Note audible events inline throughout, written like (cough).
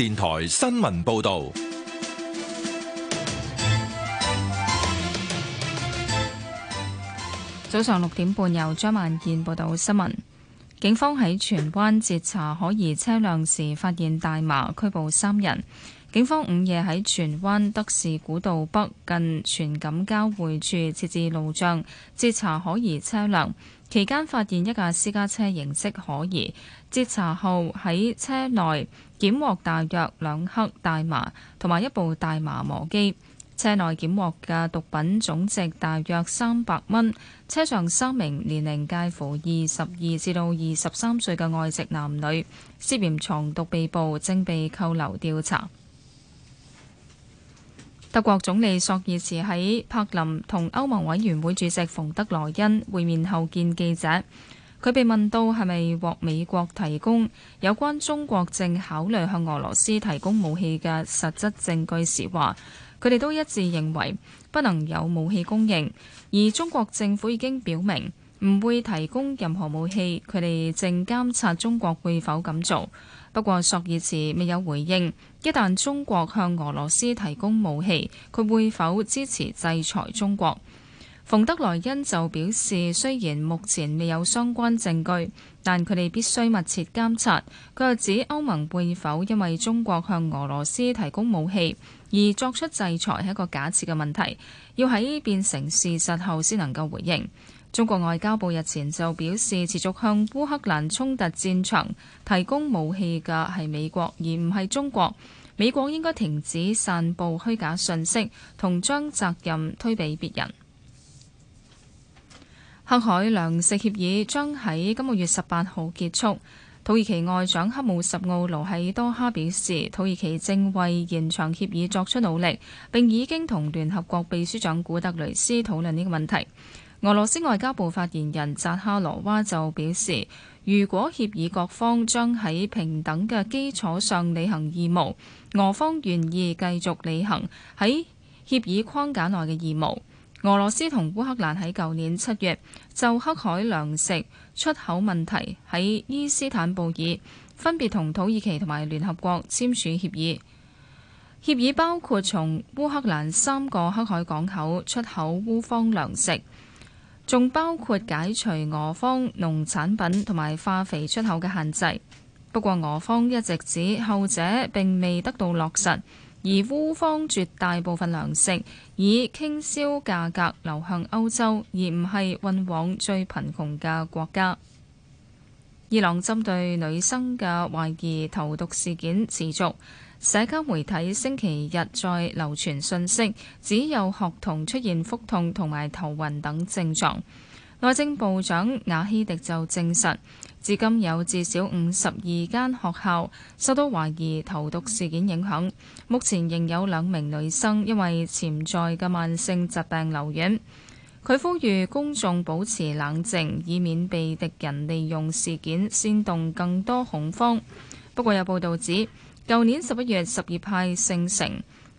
電台新聞報道：早上六點半，由張萬健報道新聞。警方喺荃灣截查可疑車輛時，發現大麻，拘捕三人。警方午夜喺荃灣德士古道北近荃錦交匯處設置路障，截查可疑車輛期間，間發現一架私家車形式可疑，截查後喺車內。檢獲大約兩克大麻同埋一部大麻磨機，車內檢獲嘅毒品總值大約三百蚊。車上三名年齡介乎二十二至到二十三歲嘅外籍男女涉嫌藏毒被捕，正被扣留調查。德國總理朔爾茨喺柏林同歐盟委員會主席馮德萊恩會面後見記者。佢被問到係咪獲美國提供有關中國正考慮向俄羅斯提供武器嘅實質證據時話，話佢哋都一致認為不能有武器供應，而中國政府已經表明唔會提供任何武器，佢哋正監察中國會否咁做。不過索爾茨未有回應，一旦中國向俄羅斯提供武器，佢會否支持制裁中國？馮德萊恩就表示，雖然目前未有相關證據，但佢哋必須密切監察。佢又指，歐盟會否因為中國向俄羅斯提供武器而作出制裁，係一個假設嘅問題，要喺變成事實後先能夠回應。中國外交部日前就表示，持續向烏克蘭衝突戰場提供武器嘅係美國，而唔係中國，美國應該停止散布虛假信息，同將責任推俾別人。黑海糧食協議將喺今個月十八號結束。土耳其外長黑姆什奧盧喺多哈表示，土耳其正為延長協議作出努力，並已經同聯合國秘書長古特雷斯討論呢個問題。俄羅斯外交部發言人扎哈羅娃就表示，如果協議各方將喺平等嘅基礎上履行義務，俄方願意繼續履行喺協議框架內嘅義務。俄羅斯同烏克蘭喺舊年七月就黑海糧食出口問題喺伊斯坦布爾分別同土耳其同埋聯合國簽署協議，協議包括從烏克蘭三個黑海港口出口烏方糧食，仲包括解除俄方農產品同埋化肥出口嘅限制。不過俄方一直指後者並未得到落實。而烏方絕大部分糧食以傾銷價格流向歐洲，而唔係運往最貧窮嘅國家。伊朗針對女生嘅懷疑投毒事件持續，社交媒體星期日再流傳信息，只有學童出現腹痛同埋頭暈等症狀。內政部長瓦希迪就證實。至今有至少五十二間學校受到懷疑投毒事件影響，目前仍有兩名女生因為潛在嘅慢性疾病留院。佢呼籲公眾保持冷靜，以免被敵人利用事件煽動更多恐慌。不過有報導指，舊年十一月十二派聖城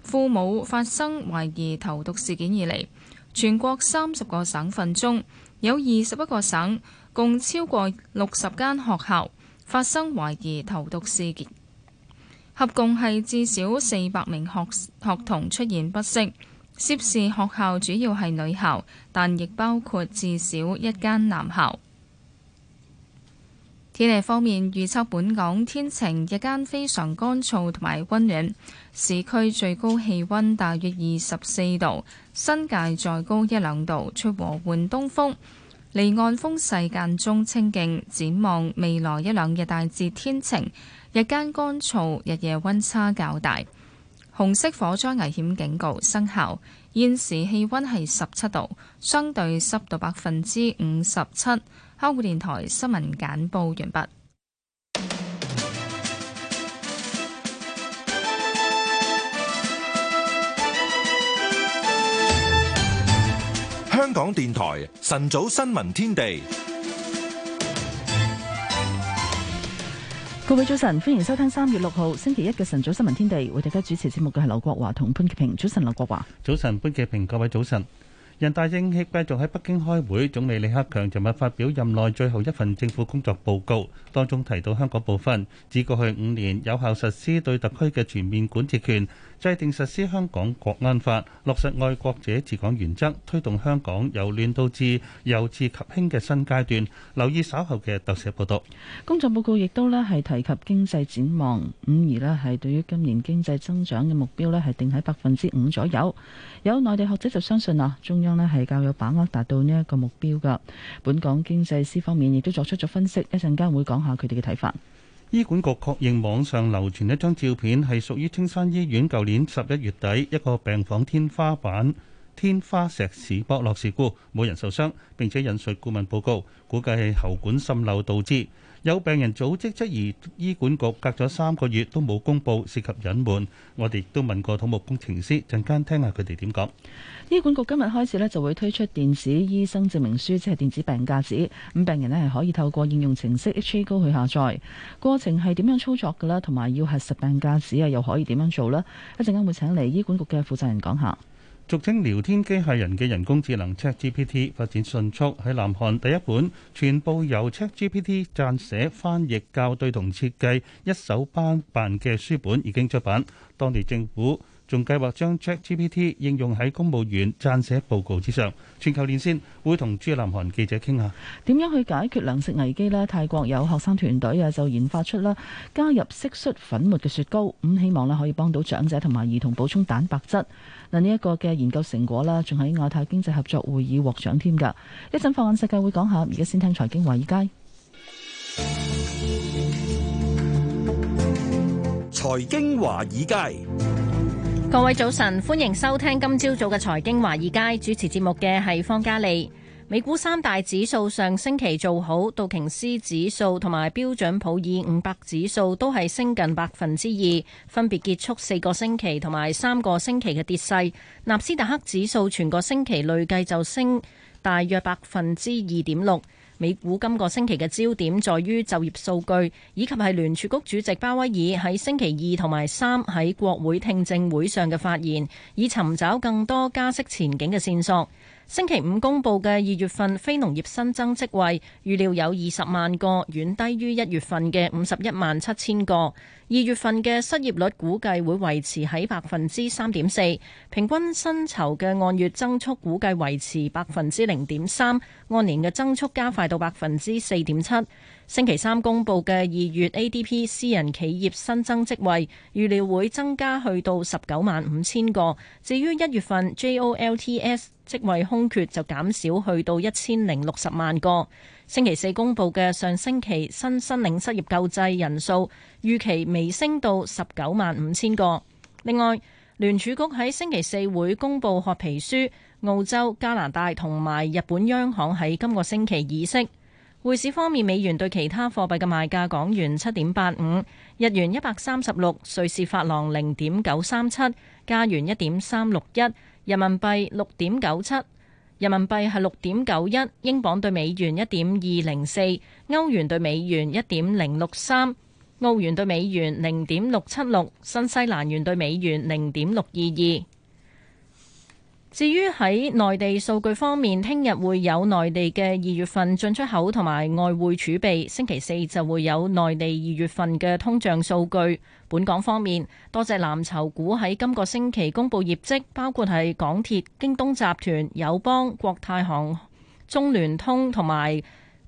父母發生懷疑投毒事件以嚟，全國三十個省份中有二十一個省。共超過六十間學校發生懷疑投毒事件，合共係至少四百名學學童出現不適。涉事學校主要係女校，但亦包括至少一間男校。天氣方面，預測本港天晴，日間非常乾燥同埋温暖，市區最高氣温大約二十四度，新界再高一兩度，出和緩東風。離岸風勢間中清勁，展望未來一兩日大致天晴，日間乾燥，日夜溫差較大。紅色火災危險警告生效。現時氣溫係十七度，相對濕度百分之五十七。香港電台新聞簡報完畢。香港電台晨早新聞天地，各位早晨，歡迎收聽三月六號星期一嘅晨早新聞天地。為大家主持節目嘅係劉國華同潘潔平。早晨，劉國華。早晨，潘潔平。各位早晨。人大政協繼續喺北京開會，總理李克強尋日發表任內最後一份政府工作報告，當中提到香港部分，指過去五年有效實施對特區嘅全面管治權。制定實施香港國安法，落實愛國者治港原則，推動香港由亂到治、由治及興嘅新階段。留意稍後嘅特寫報道。工作報告亦都咧係提及經濟展望，咁而咧係對於今年經濟增長嘅目標咧係定喺百分之五左右。有內地學者就相信啊，中央咧係較有把握達到呢一個目標㗎。本港經濟師方面亦都作出咗分析，一陣間會講下佢哋嘅睇法。醫管局確認網上流傳一張照片係屬於青山醫院舊年十一月底一個病房，天花板天花石屎剝落事故，冇人受傷，並且引述顧問報告，估計係喉管滲漏導致。有病人組織質疑醫管局隔咗三個月都冇公佈，涉及隱瞞。我哋亦都問過土木工程師，陣間聽下佢哋點講。醫管局今日開始咧就會推出電子醫生證明書，即係電子病假紙。咁病人咧係可以透過應用程式 H A 高去下載。過程係點樣操作嘅啦？同埋要核實病假紙啊，又可以點樣做呢？一陣間會請嚟醫管局嘅負責人講下。俗稱聊天機械人嘅人工智能 ChatGPT 發展迅速，喺南韓第一本全部由 ChatGPT 撰寫、翻譯、校對同設計一手包辦嘅書本已經出版，當地政府，仲計劃將 Chat GPT 應用喺公務員撰寫報告之上。全球連線會同駐南韓記者傾下，點樣去解決糧食危機呢？泰國有學生團隊啊，就研發出啦，加入蟋蟀粉末嘅雪糕，咁希望咧可以幫到長者同埋兒童補充蛋白質。嗱，呢一個嘅研究成果啦，仲喺亞太經濟合作會議獲獎添㗎。一陣放眼世界會講下，而家先聽財經華爾街。財經華爾街。各位早晨，歡迎收聽今朝早嘅財經華爾街，主持節目嘅係方嘉莉。美股三大指數上星期做好，道瓊斯指數同埋標準普爾五百指數都係升近百分之二，分別結束四個星期同埋三個星期嘅跌勢。納斯達克指數全個星期累計就升大約百分之二點六。美股今個星期嘅焦點在於就業數據，以及係聯儲局主席鮑威爾喺星期二同埋三喺國會聽證會上嘅發言，以尋找更多加息前景嘅線索。星期五公布嘅二月份非農業新增職位，預料有二十萬個，遠低於一月份嘅五十一萬七千個。二月份嘅失業率估計會維持喺百分之三點四，平均薪酬嘅按月增速估計維持百分之零點三，按年嘅增速加快到百分之四點七。星期三公布嘅二月 ADP 私人企業新增職位，預料會增加去到十九萬五千個，至於一月份 JOLTS 職位空缺就減少去到一千零六十萬個。星期四公布嘅上星期新申領失業救濟人數預期微升到十九萬五千個。另外，聯儲局喺星期四會公布褐皮書，澳洲、加拿大同埋日本央行喺今個星期議息。匯市方面，美元對其他貨幣嘅賣價：港元七點八五，日元一百三十六，瑞士法郎零點九三七，加元一點三六一，人民幣六點九七，人民幣係六點九一，英鎊對美元一點二零四，歐元對美元一點零六三，澳元對美元零點六七六，新西蘭元對美元零點六二二。至於喺內地數據方面，聽日會有內地嘅二月份進出口同埋外匯儲備。星期四就會有內地二月份嘅通脹數據。本港方面，多隻藍籌股喺今個星期公布業績，包括係港鐵、京東集團、友邦、國泰航、中聯通同埋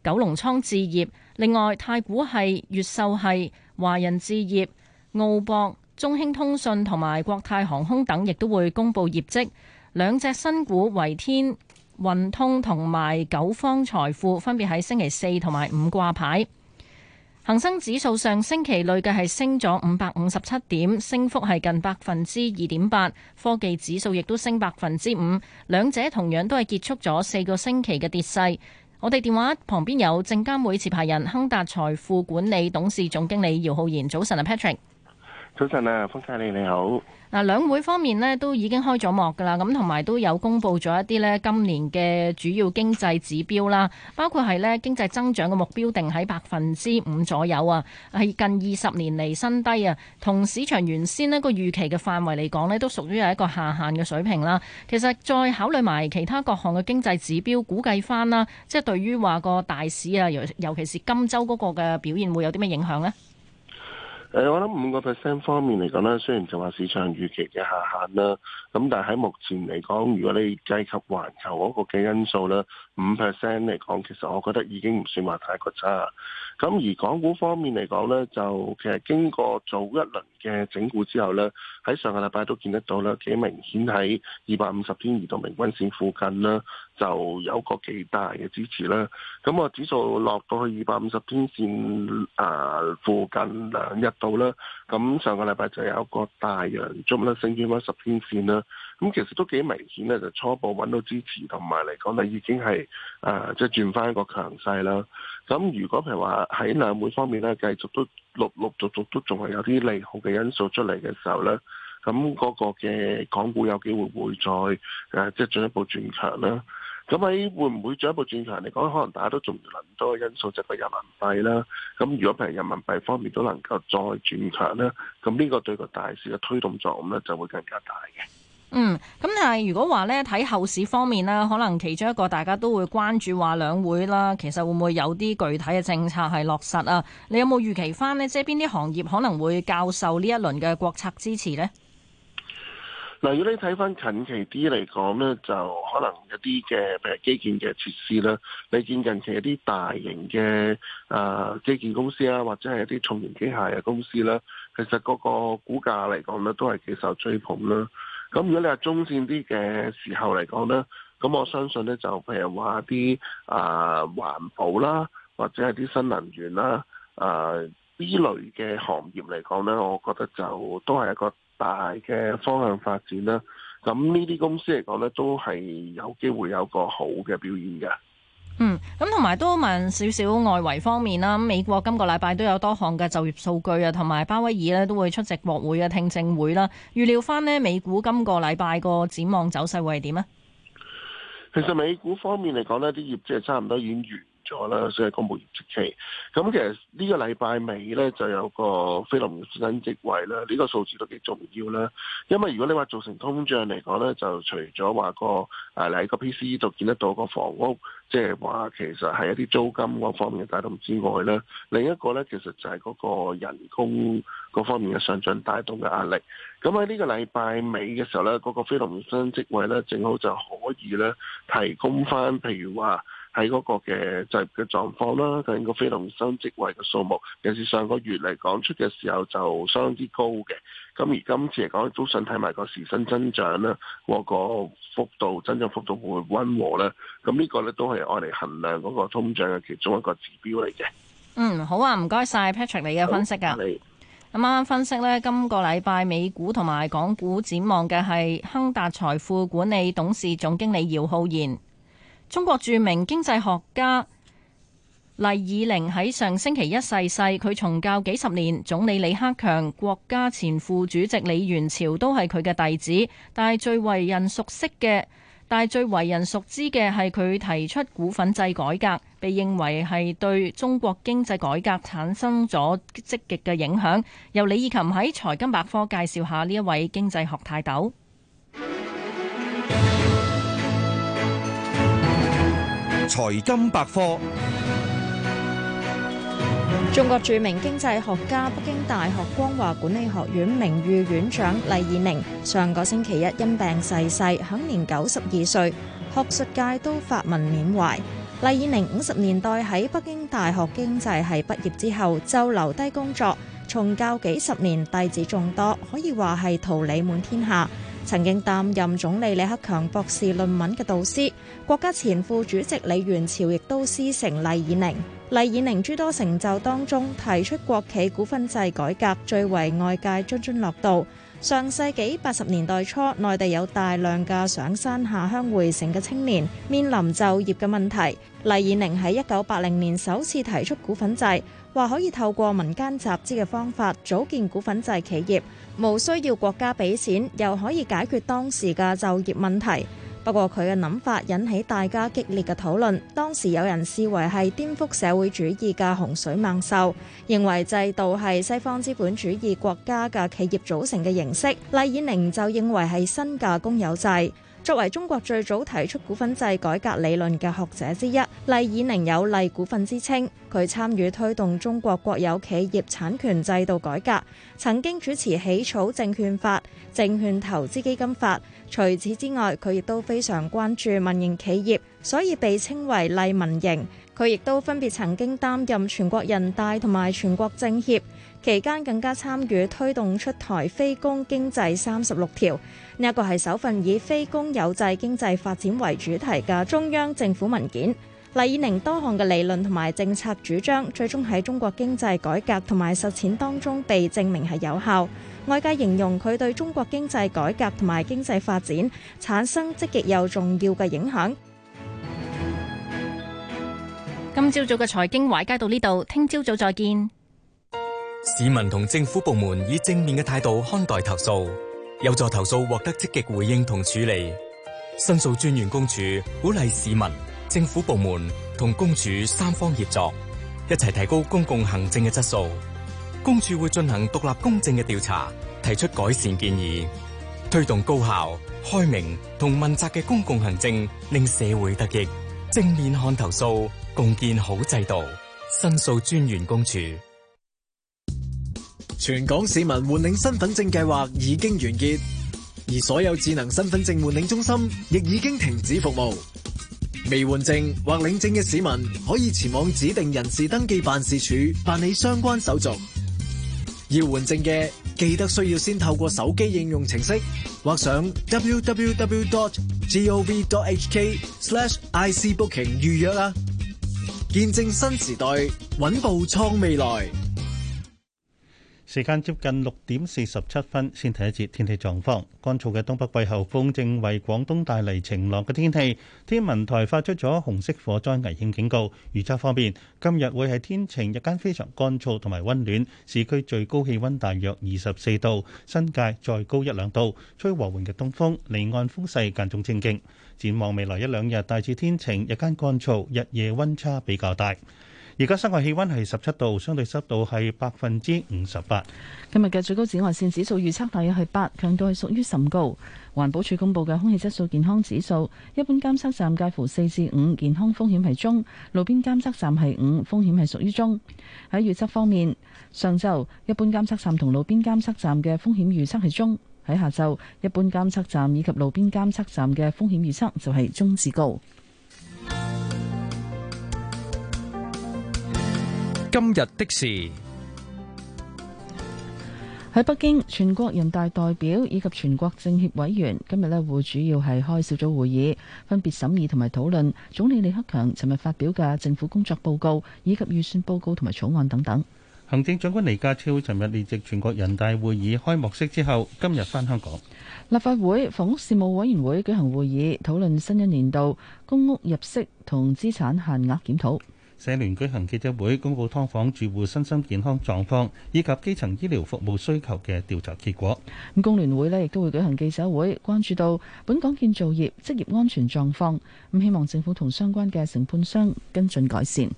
九龍倉置業。另外，太古系越秀系、係華人置業、澳博、中興通訊同埋國泰航空等，亦都會公布業績。兩隻新股維天運通同埋九方財富分別喺星期四同埋五掛牌。恒生指數上星期累計係升咗五百五十七點，升幅係近百分之二點八。科技指數亦都升百分之五，兩者同樣都係結束咗四個星期嘅跌勢。我哋電話旁邊有證監會持牌人亨達財富管理董事總經理姚浩然，早晨啊 Patrick。早晨啊，方生你你好。嗱，兩會方面呢，都已經開咗幕噶啦，咁同埋都有公布咗一啲呢今年嘅主要經濟指標啦，包括係呢經濟增長嘅目標定喺百分之五左右啊，係近二十年嚟新低啊，同市場原先呢個預期嘅範圍嚟講呢，都屬於有一個下限嘅水平啦。其實再考慮埋其他各項嘅經濟指標，估計翻啦，即係對於話個大市啊，尤尤其是今周嗰個嘅表現會有啲咩影響呢？誒，我諗五個 percent 方面嚟講咧，雖然就話市場預期嘅下限啦，咁但係喺目前嚟講，如果你計及環球嗰個嘅因素咧，五 percent 嚟講，其實我覺得已經唔算話太過差。咁而港股方面嚟講呢，就其實經過做一輪嘅整固之後呢，喺上個禮拜都見得到啦，幾明顯喺二百五十天移動平均線附近啦，就有個幾大嘅支持啦。咁、嗯、啊，指數落到去二百五十天線啊附近兩日度啦，咁上個禮拜就有一個大陽燭啦，升穿翻十天線啦。咁其實都幾明顯咧，就初步揾到支持，同埋嚟講咧已經係誒、呃、即係轉翻一個強勢啦。咁如果譬如話喺兩會方面咧，繼續都陸陸續續都仲係有啲利好嘅因素出嚟嘅時候咧，咁嗰個嘅港股有機會會再誒、啊、即係進一步轉強啦。咁喺會唔會進一步轉強嚟講，可能大家都仲諗多個因素，就係人民幣啦。咁如果譬如人民幣方面都能夠再轉強啦，咁呢個對個大市嘅推動作用咧就會更加大嘅。嗯，咁但係如果話咧睇後市方面啦，可能其中一個大家都會關注話兩會啦，其實會唔會有啲具體嘅政策係落實啊？你有冇預期翻呢？即係邊啲行業可能會較受呢一輪嘅國策支持呢？嗱，如果你睇翻近期啲嚟講呢，就可能一啲嘅誒基建嘅設施啦，你見近期一啲大型嘅誒、呃、基建公司啦，或者係一啲重型機械嘅公司啦，其實嗰個股價嚟講呢，都係幾受追捧啦。咁如果你係中線啲嘅時候嚟講咧，咁我相信咧就譬如話啲啊環保啦，或者係啲新能源啦，啊、呃、呢類嘅行業嚟講咧，我覺得就都係一個大嘅方向發展啦。咁呢啲公司嚟講咧，都係有機會有個好嘅表現嘅。嗯，咁同埋多問少少外圍方面啦。咁美國今個禮拜都有多項嘅就業數據啊，同埋鮑威爾咧都會出席國會嘅聽證會啦。預料翻咧，美股今個禮拜個展望走勢會係點啊？其實美股方面嚟講呢啲業績係差唔多已經完。咁咧，所以個門出奇。咁其實個呢個禮拜尾咧，就有個非農新增職位啦。呢、這個數字都幾重要啦。因為如果你話造成通脹嚟講咧，就除咗話個誒，你、啊、喺個 PCE 度見得到個房屋，即係話其實係一啲租金嗰方面嘅帶動之外咧，另一個咧其實就係嗰個人工嗰方面嘅上漲帶動嘅壓力。咁喺呢個禮拜尾嘅時候咧，嗰、那個非農新增職位咧，正好就可以咧提供翻，譬如話。喺嗰個嘅就業、是、嘅狀況啦，同個非農新職位嘅數目，尤其是上個月嚟講出嘅時候就相當之高嘅。咁而今次嚟講都想睇埋個時薪增長啦，個、那個幅度增長幅度會溫和咧。咁呢個咧都係我哋衡量嗰個通脹嘅其中一個指標嚟嘅。嗯，好啊，唔該晒 Patrick 你嘅分析啊。咁啱啱分析咧，今個禮拜美股同埋港股展望嘅係亨達財富管理董事總經理姚浩然。中國著名經濟學家厲以寧喺上星期一逝世，世，佢從教幾十年，總理李克強、國家前副主席李源潮都係佢嘅弟子，但係最為人熟悉嘅、但係最為人熟知嘅係佢提出股份制改革，被認為係對中國經濟改革產生咗積極嘅影響。由李以琴喺財經百科介紹下呢一位經濟學泰斗。財金百科，中國著名經濟學家、北京大學光華管理學院名譽院長厲以寧上個星期一因病逝世，享年九十二歲。學術界都發文緬懷。厲以寧五十年代喺北京大學經濟系畢業之後就留低工作，從教幾十年，弟子眾多，可以話係桃李滿天下。曾經擔任總理李克強博士論文嘅導師，國家前副主席李源潮亦都師承厲以寧。厲以寧諸多成就當中，提出國企股份制改革，最為外界津津樂道。上世紀八十年代初，內地有大量嘅上山下鄉、回城嘅青年，面臨就業嘅問題。厲以寧喺一九八零年首次提出股份制，話可以透過民間集資嘅方法，組建股份制企業。冇需要國家俾錢，又可以解決當時嘅就業問題。不過佢嘅諗法引起大家激烈嘅討論。當時有人視為係顛覆社會主義嘅洪水猛獸，認為制度係西方資本主義國家嘅企業組成嘅形式。厲以寧就認為係新嘅公有制。作為中國最早提出股份制改革理論嘅學者之一，厲以寧有厲股份之稱。佢參與推動中國國有企業產權制度改革，曾經主持起草證券法、證券投資基金法。除此之外，佢亦都非常關注民營企業，所以被稱為厲民營。佢亦都分別曾經擔任全國人大同埋全國政協。期間更加參與推動出台《非公經濟三十六條》，呢一個係首份以非公有制經濟發展為主題嘅中央政府文件。厲以寧多項嘅理論同埋政策主張，最終喺中國經濟改革同埋實踐當中被證明係有效。外界形容佢對中國經濟改革同埋經濟發展產生積極又重要嘅影響。今朝早嘅財經華爾街到呢度，聽朝早再見。市民同政府部門以正面嘅態度看待投訴，有助投訴獲得積極回應同處理。申訴專員公署鼓勵市民、政府部門同公署三方協作，一齊提高公共行政嘅質素。公署會進行獨立公正嘅調查，提出改善建議，推動高效、開明同問責嘅公共行政，令社會得益。正面看投訴，共建好制度。申訴專員公署。全港市民換領身份證計劃已經完結，而所有智能身份證換領中心亦已經停止服務。未換證或領證嘅市民可以前往指定人事登記辦事處辦理相關手續。要換證嘅，記得需要先透過手機應用程式，或上 www.gov.hk/icbooking 預約啦。見證新時代，穩步創未來。時間接近六點四十七分，先睇一節天氣狀況。乾燥嘅東北季候風正為廣東帶嚟晴朗嘅天氣。天文台發出咗紅色火災危險警告。預測方面，今日會係天晴，日間非常乾燥同埋溫暖，市區最高氣溫大約二十四度，新界再高一兩度。吹和緩嘅東風，離岸風勢間中清勁。展望未來一兩日，大致天晴，日間乾燥，日夜溫差比較大。而家室外氣溫係十七度，相對濕度係百分之五十八。今日嘅最高紫外線指數預測大約係八，強度係屬於甚高。環保署公布嘅空氣質素健康指數，一般監測站介乎四至五，健康風險係中；路邊監測站係五，風險係屬於中。喺預測方面，上晝一般監測站同路邊監測站嘅風險預測係中；喺下晝一般監測站以及路邊監測站嘅風險預測就係中至高。今日的事喺北京，全國人大代表以及全國政協委員今日呢，會主要係開小組會議，分別審議同埋討論總理李克強尋日發表嘅政府工作報告以及預算報告同埋草案等等。行政長官李家超尋日列席全國人大會議開幕式之後，今日返香港。立法會房屋事務委員會舉行會議，討論新一年度公屋入息同資產限額檢討。社聯舉行記者會，公布劏房住戶身心健康狀況以及基層醫療服務需求嘅調查結果。咁工聯會咧，亦都會舉行記者會，關注到本港建造業職業安全狀況。咁希望政府同相關嘅承判商跟進改善。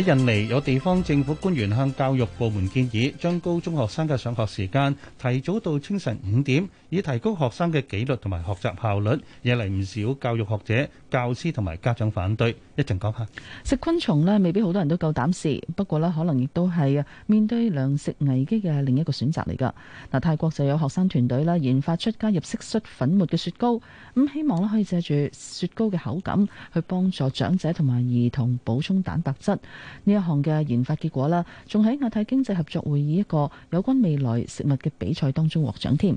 喺印尼有地方政府官員向教育部門建議，將高中學生嘅上學時間提早到清晨五點。以提高學生嘅紀律同埋學習效率，引嚟唔少教育學者、教師同埋家長反對。一陣講下食昆蟲咧，未必好多人都夠膽試。不過咧，可能亦都係面對糧食危機嘅另一個選擇嚟㗎。嗱，泰國就有學生團隊啦，研發出加入蟋蟀粉末嘅雪糕，咁希望咧可以借住雪糕嘅口感去幫助長者同埋兒童補充蛋白質。呢一項嘅研發結果啦，仲喺亞太經濟合作會議一個有關未來食物嘅比賽當中獲獎添。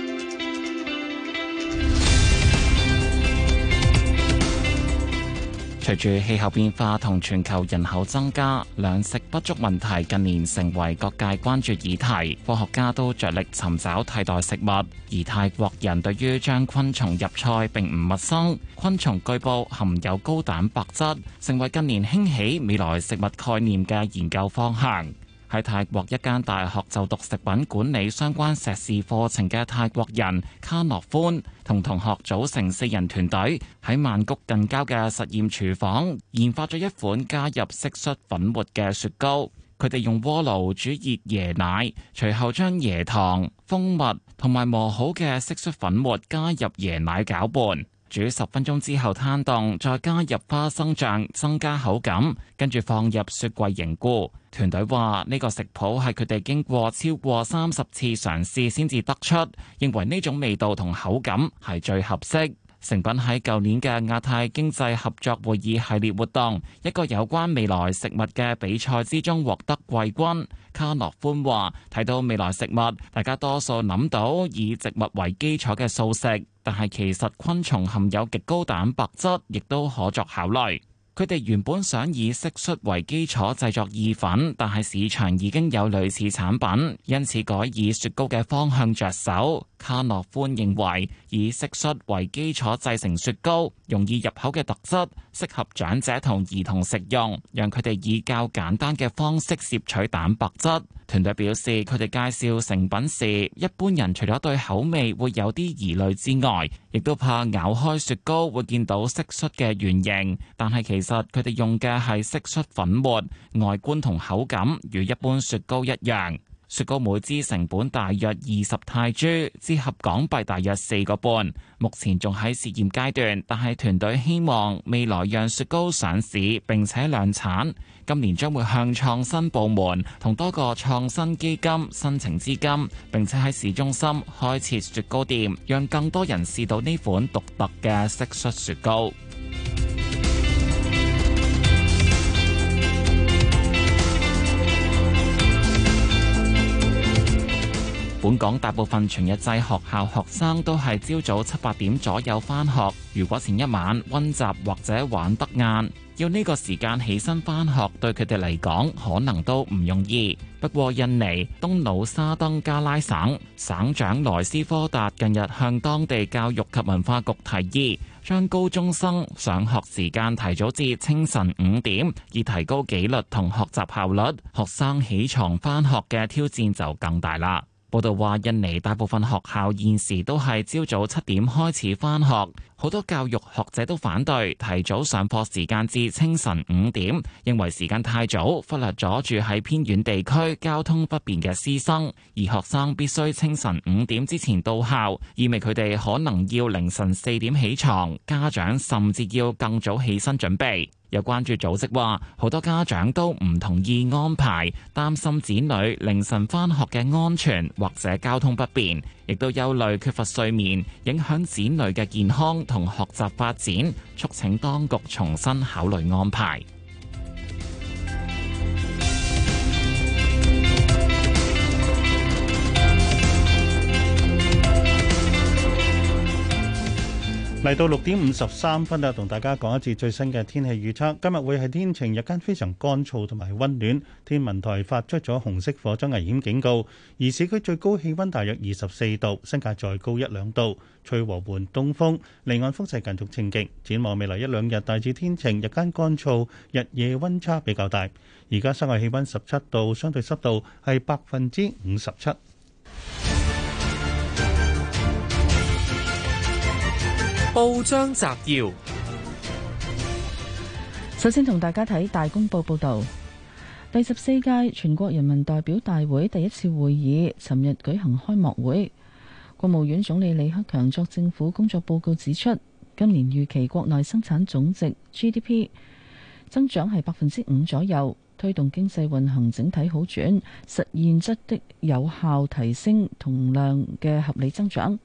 隨住氣候變化同全球人口增加，糧食不足問題近年成為各界關注議題。科學家都着力尋找替代食物，而泰國人對於將昆蟲入菜並唔陌生。昆蟲據報含有高蛋白質，成為近年興起未來食物概念嘅研究方向。喺泰國一間大學就讀食品管理相關碩士課程嘅泰國人卡諾歡同同學組成四人團隊，喺曼谷近郊嘅實驗廚房研發咗一款加入蟋蟀粉末嘅雪糕。佢哋用鍋爐煮熱椰奶，隨後將椰糖、蜂蜜同埋磨好嘅蟋蟀粉末加入椰奶攪拌。煮十分鐘之後攤凍，再加入花生醬增加口感，跟住放入雪櫃凝固。團隊話呢個食譜係佢哋經過超過三十次嘗試先至得出，認為呢種味道同口感係最合適。成品喺舊年嘅亞太經濟合作會議系列活動一個有關未來食物嘅比賽之中獲得季軍。卡諾歡話：睇到未來食物，大家多數諗到以植物為基礎嘅素食，但係其實昆蟲含有極高蛋白質，亦都可作考慮。佢哋原本想以蟋蟀為基礎製作意粉，但係市場已經有類似產品，因此改以雪糕嘅方向着手。卡諾歡認為，以蟋蟀為基礎製成雪糕，容易入口嘅特質，適合長者同兒童食用，讓佢哋以較簡單嘅方式攝取蛋白質。團隊表示，佢哋介紹成品時，一般人除咗對口味會有啲疑慮之外，亦都怕咬開雪糕會見到色素嘅原形。但係其實佢哋用嘅係色素粉末，外觀同口感如一般雪糕一樣。雪糕每支成本大約二十泰銖，折合港幣大約四個半。目前仲喺試驗階段，但係團隊希望未來讓雪糕上市並且量產。今年將會向創新部門同多個創新基金申請資金，並且喺市中心開設雪糕店，讓更多人試到呢款獨特嘅蟋蟀雪糕。 (music) 本港大部分全日制學校學生都係朝早七八點左右返學，如果前一晚温習或者玩得晏。要呢個時間起身翻學，對佢哋嚟講可能都唔容易。不過，印尼東努沙登加拉省省長萊斯科達近日向當地教育及文化局提議，將高中生上學時間提早至清晨五點，以提高紀律同學習效率。學生起床翻學嘅挑戰就更大啦。報道話，印尼大部分學校現時都係朝早七點開始返學，好多教育學者都反對提早上課時間至清晨五點，認為時間太早，忽略咗住喺偏遠地區交通不便嘅師生，而學生必須清晨五點之前到校，意味佢哋可能要凌晨四點起床，家長甚至要更早起身準備。有關注組織話，好多家長都唔同意安排，擔心子女凌晨返學嘅安全或者交通不便，亦都憂慮缺乏睡眠，影響子女嘅健康同學習發展，促請當局重新考慮安排。嚟到六點五十三分啦，同大家講一次最新嘅天氣預測。今日會係天晴，日間非常乾燥同埋溫暖。天文台發出咗紅色火災危險警告，而市區最高氣溫大約二十四度，新界再高一兩度。吹和緩東風，離岸風勢繼續清勁。展望未來一兩日，大致天晴，日間乾燥，日夜溫差比較大。而家室外氣溫十七度，相對濕度係百分之五十七。報章摘要：首先同大家睇大公報報道，第十四屆全國人民代表大會第一次會議尋日舉行開幕會。國務院總理李克強作政府工作報告指出，今年預期國內生產總值 GDP 增長係百分之五左右，推動經濟運行整體好轉，實現質的有效提升同量嘅合理增長。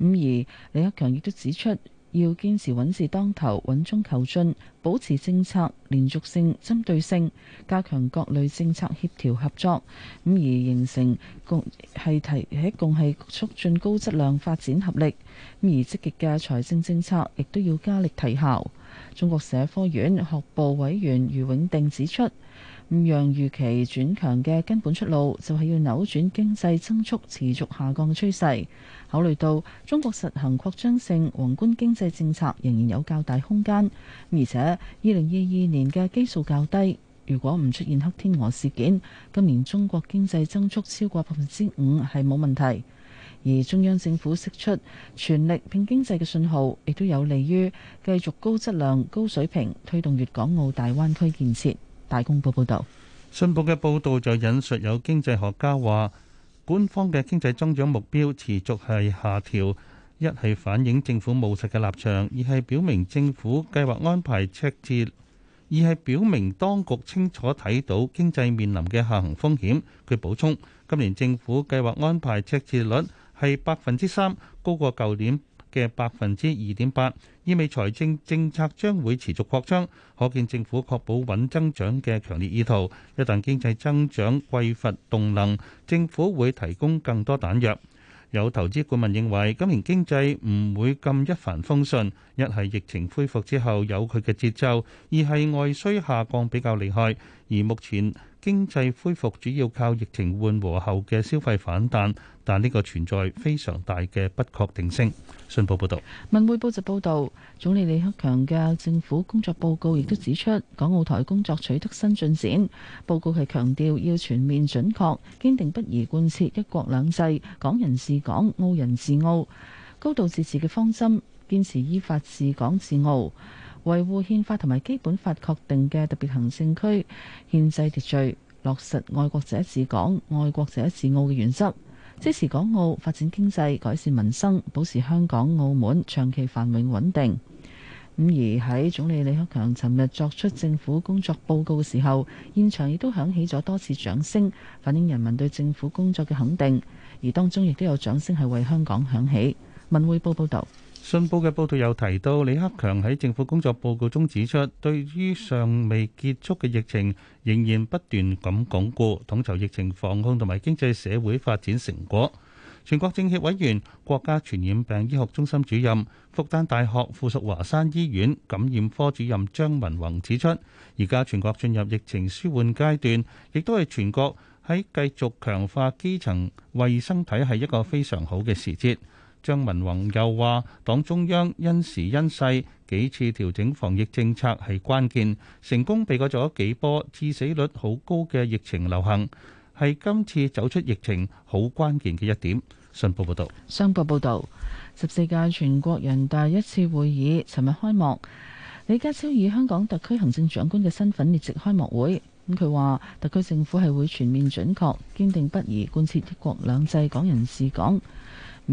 咁而李克強亦都指出，要堅持穩字當頭、穩中求進，保持政策連續性、針對性，加強各類政策協調合作，咁而形成共係提喺共係促進高質量發展合力。咁而積極嘅財政政策亦都要加力提效。中國社科院學部委員余永定指出，咁讓預期轉強嘅根本出路就係要扭轉經濟增速持續下降嘅趨勢。考慮到中國實行擴張性宏觀經濟政策，仍然有較大空間，而且二零二二年嘅基數較低，如果唔出現黑天鵝事件，今年中國經濟增速超過百分之五係冇問題。而中央政府釋出全力拼經濟嘅信號，亦都有利於繼續高質量、高水平推動粵港澳大灣區建設。大公報報道。信報嘅報道就引述有經濟學家話。官方嘅經濟增長目標持續係下調，一係反映政府務實嘅立場，二係表明政府計劃安排赤字，二係表明當局清楚睇到經濟面臨嘅下行風險。佢補充，今年政府計劃安排赤字率係百分之三，高過舊年嘅百分之二點八。意味財政政策將會持續擴張，可見政府確保穩增長嘅強烈意圖。一旦經濟增長匱乏動能，政府會提供更多彈藥。有投資顧問認為，今年經濟唔會咁一帆風順，一係疫情恢復之後有佢嘅節奏，二係外需下降比較厲害，而目前。經濟恢復主要靠疫情緩和後嘅消費反彈，但呢個存在非常大嘅不確定性。信報報道，文匯報就報道，總理李克強嘅政府工作報告亦都指出，港澳台工作取得新進展。報告係強調要全面準確、堅定不移貫徹一國兩制、港人治港、澳人治澳、高度自治嘅方針，堅持依法治港治澳。維護憲法同埋基本法確定嘅特別行政區憲制秩序，落實愛國者治港、愛國者治澳嘅原則，支持港澳發展經濟、改善民生、保持香港、澳門長期繁榮穩定。咁而喺總理李克強尋日作出政府工作報告嘅時候，現場亦都響起咗多次掌聲，反映人民對政府工作嘅肯定。而當中亦都有掌聲係為香港響起。文匯報報導。信報嘅報道又提到，李克強喺政府工作報告中指出，對於尚未結束嘅疫情，仍然不斷咁鞏固統籌疫情防控同埋經濟社會發展成果。全國政協委員、國家傳染病醫學中心主任、復旦大學附屬華山醫院感染科主任張文宏指出，而家全國進入疫情舒緩階段，亦都係全國喺繼續強化基層衛生體系一個非常好嘅時節。張文宏又話，黨中央因時因勢幾次調整防疫政策係關鍵，成功避過咗幾波致死率好高嘅疫情流行，係今次走出疫情好關鍵嘅一點。信報報道，商報報道，十四屆全國人大一次會議尋日開幕，李家超以香港特區行政長官嘅身份列席開幕會，咁佢話特區政府係會全面準確、堅定不移貫徹一國兩制、港人治港。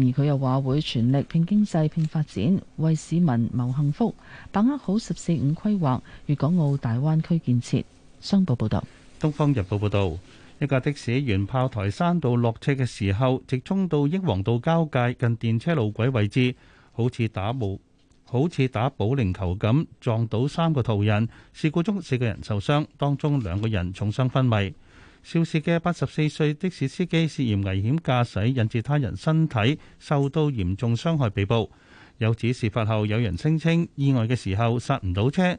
而佢又話會全力拼經濟、拼發展，為市民謀幸福，把握好「十四五」規劃粵港澳大灣區建設。商報報導，《東方日報》報道：一架的士沿炮台山道落車嘅時候，直衝到英皇道交界近電車路軌位置，好似打保好似打保齡球咁撞到三個途人。事故中四個人受傷，當中兩個人重傷昏迷。肇事嘅八十四歲的士司機涉嫌危險駕駛，引致他人身體受到嚴重傷害，被捕。有指事發後有人聲稱意外嘅時候剎唔到車。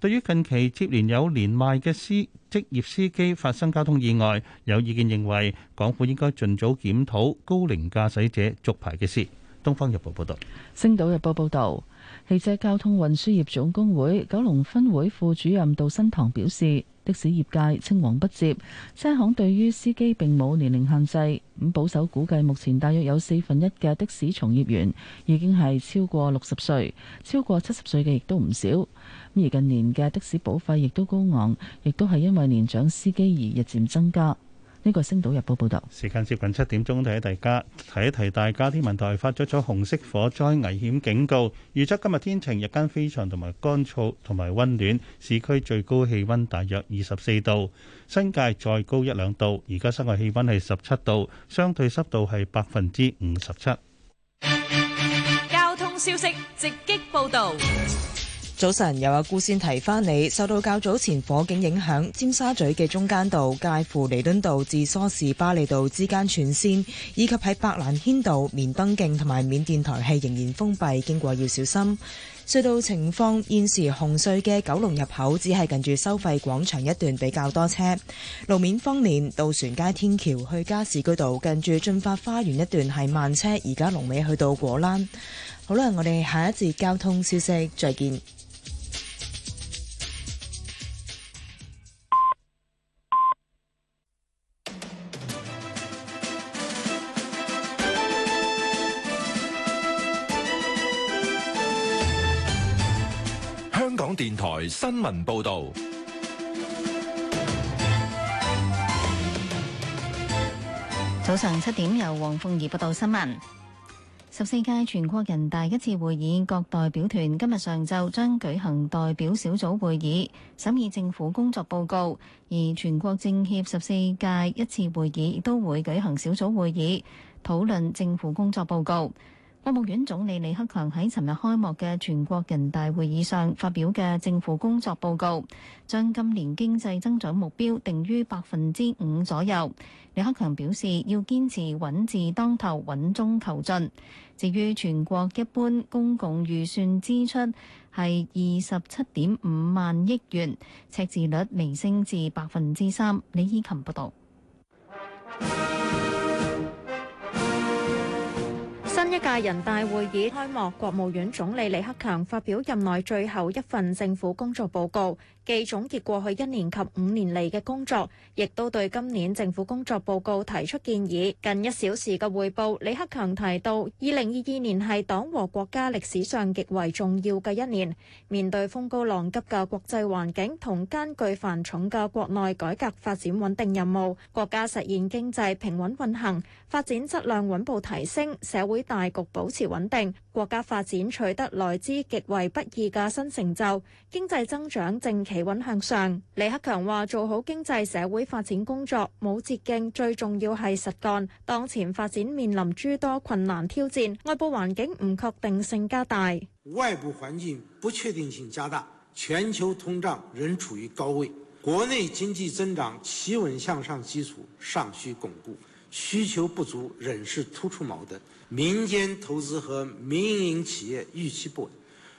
對於近期接連有年邁嘅司職業司機發生交通意外，有意見認為港府應該盡早檢討高齡駕駛者續牌嘅事。東方日報報道，星島日報報道。汽車交通運輸業總工會九龍分會副主任杜新堂表示，的士業界青黃不接，車行對於司機並冇年齡限制。咁保守估計，目前大約有四分一嘅的士從業員已經係超過六十歲，超過七十歲嘅亦都唔少。而近年嘅的士保費亦都高昂，亦都係因為年長司機而日漸增加。呢個《星島日報》報道，時間接近七點鐘，睇大家提一提大家。天文台發出咗紅色火災危險警告，預測今日天晴，日間非常同埋乾燥同埋溫暖，市區最高氣溫大約二十四度，新界再高一兩度。而家室外氣溫係十七度，相對濕度係百分之五十七。交通消息直擊報道。早晨，有阿姑先提翻你。受到較早前火警影響，尖沙咀嘅中間道、介乎彌敦道至梳士巴利道之間全線，以及喺白蘭軒道、棉登徑同埋緬甸台氣仍然封閉經過要小心隧道情況現時紅隧嘅九龍入口只係近住收費廣場一段比較多車路面方面，渡船街天橋去加士居道近住駿發花園一段係慢車而家龍尾去到果欄好啦，我哋下一節交通消息，再見。電台新聞報道，早上七點由黃鳳儀報道新聞。十四屆全國人大一次會議各代表團今日上晝將舉行代表小組會議，審議政府工作報告；而全國政協十四屆一次會議亦都會舉行小組會議，討論政府工作報告。國務院總理李克強喺尋日開幕嘅全國人大會議上發表嘅政府工作報告，將今年經濟增長目標定於百分之五左右。李克強表示，要堅持穩字當頭、穩中求進。至於全國一般公共預算支出係二十七點五萬億元，赤字率微升至百分之三。李以琴報道。一屆人大會議開幕，國務院總理李克強發表任內最後一份政府工作報告。既總結過去一年及五年嚟嘅工作，亦都對今年政府工作報告提出建議。近一小時嘅匯報，李克強提到，二零二二年係黨和國家歷史上極為重要嘅一年。面對風高浪急嘅國際環境同艱巨繁重嘅國內改革發展穩定任務，國家實現經濟平穩運行，發展質量穩步提升，社會大局保持穩定，國家發展取得來之極為不易嘅新成就。經濟增長正期穩向上。李克強話：做好經濟社會發展工作，冇捷徑，最重要係實幹。當前發展面臨諸多困難挑戰，外部環境唔確定性加大。外部環境不確定性加大，全球通脹仍處於高位，國內經濟增長企穩向上基礎尚需鞏固，需求不足仍是突出矛盾，民間投資和民營企業預期不穩。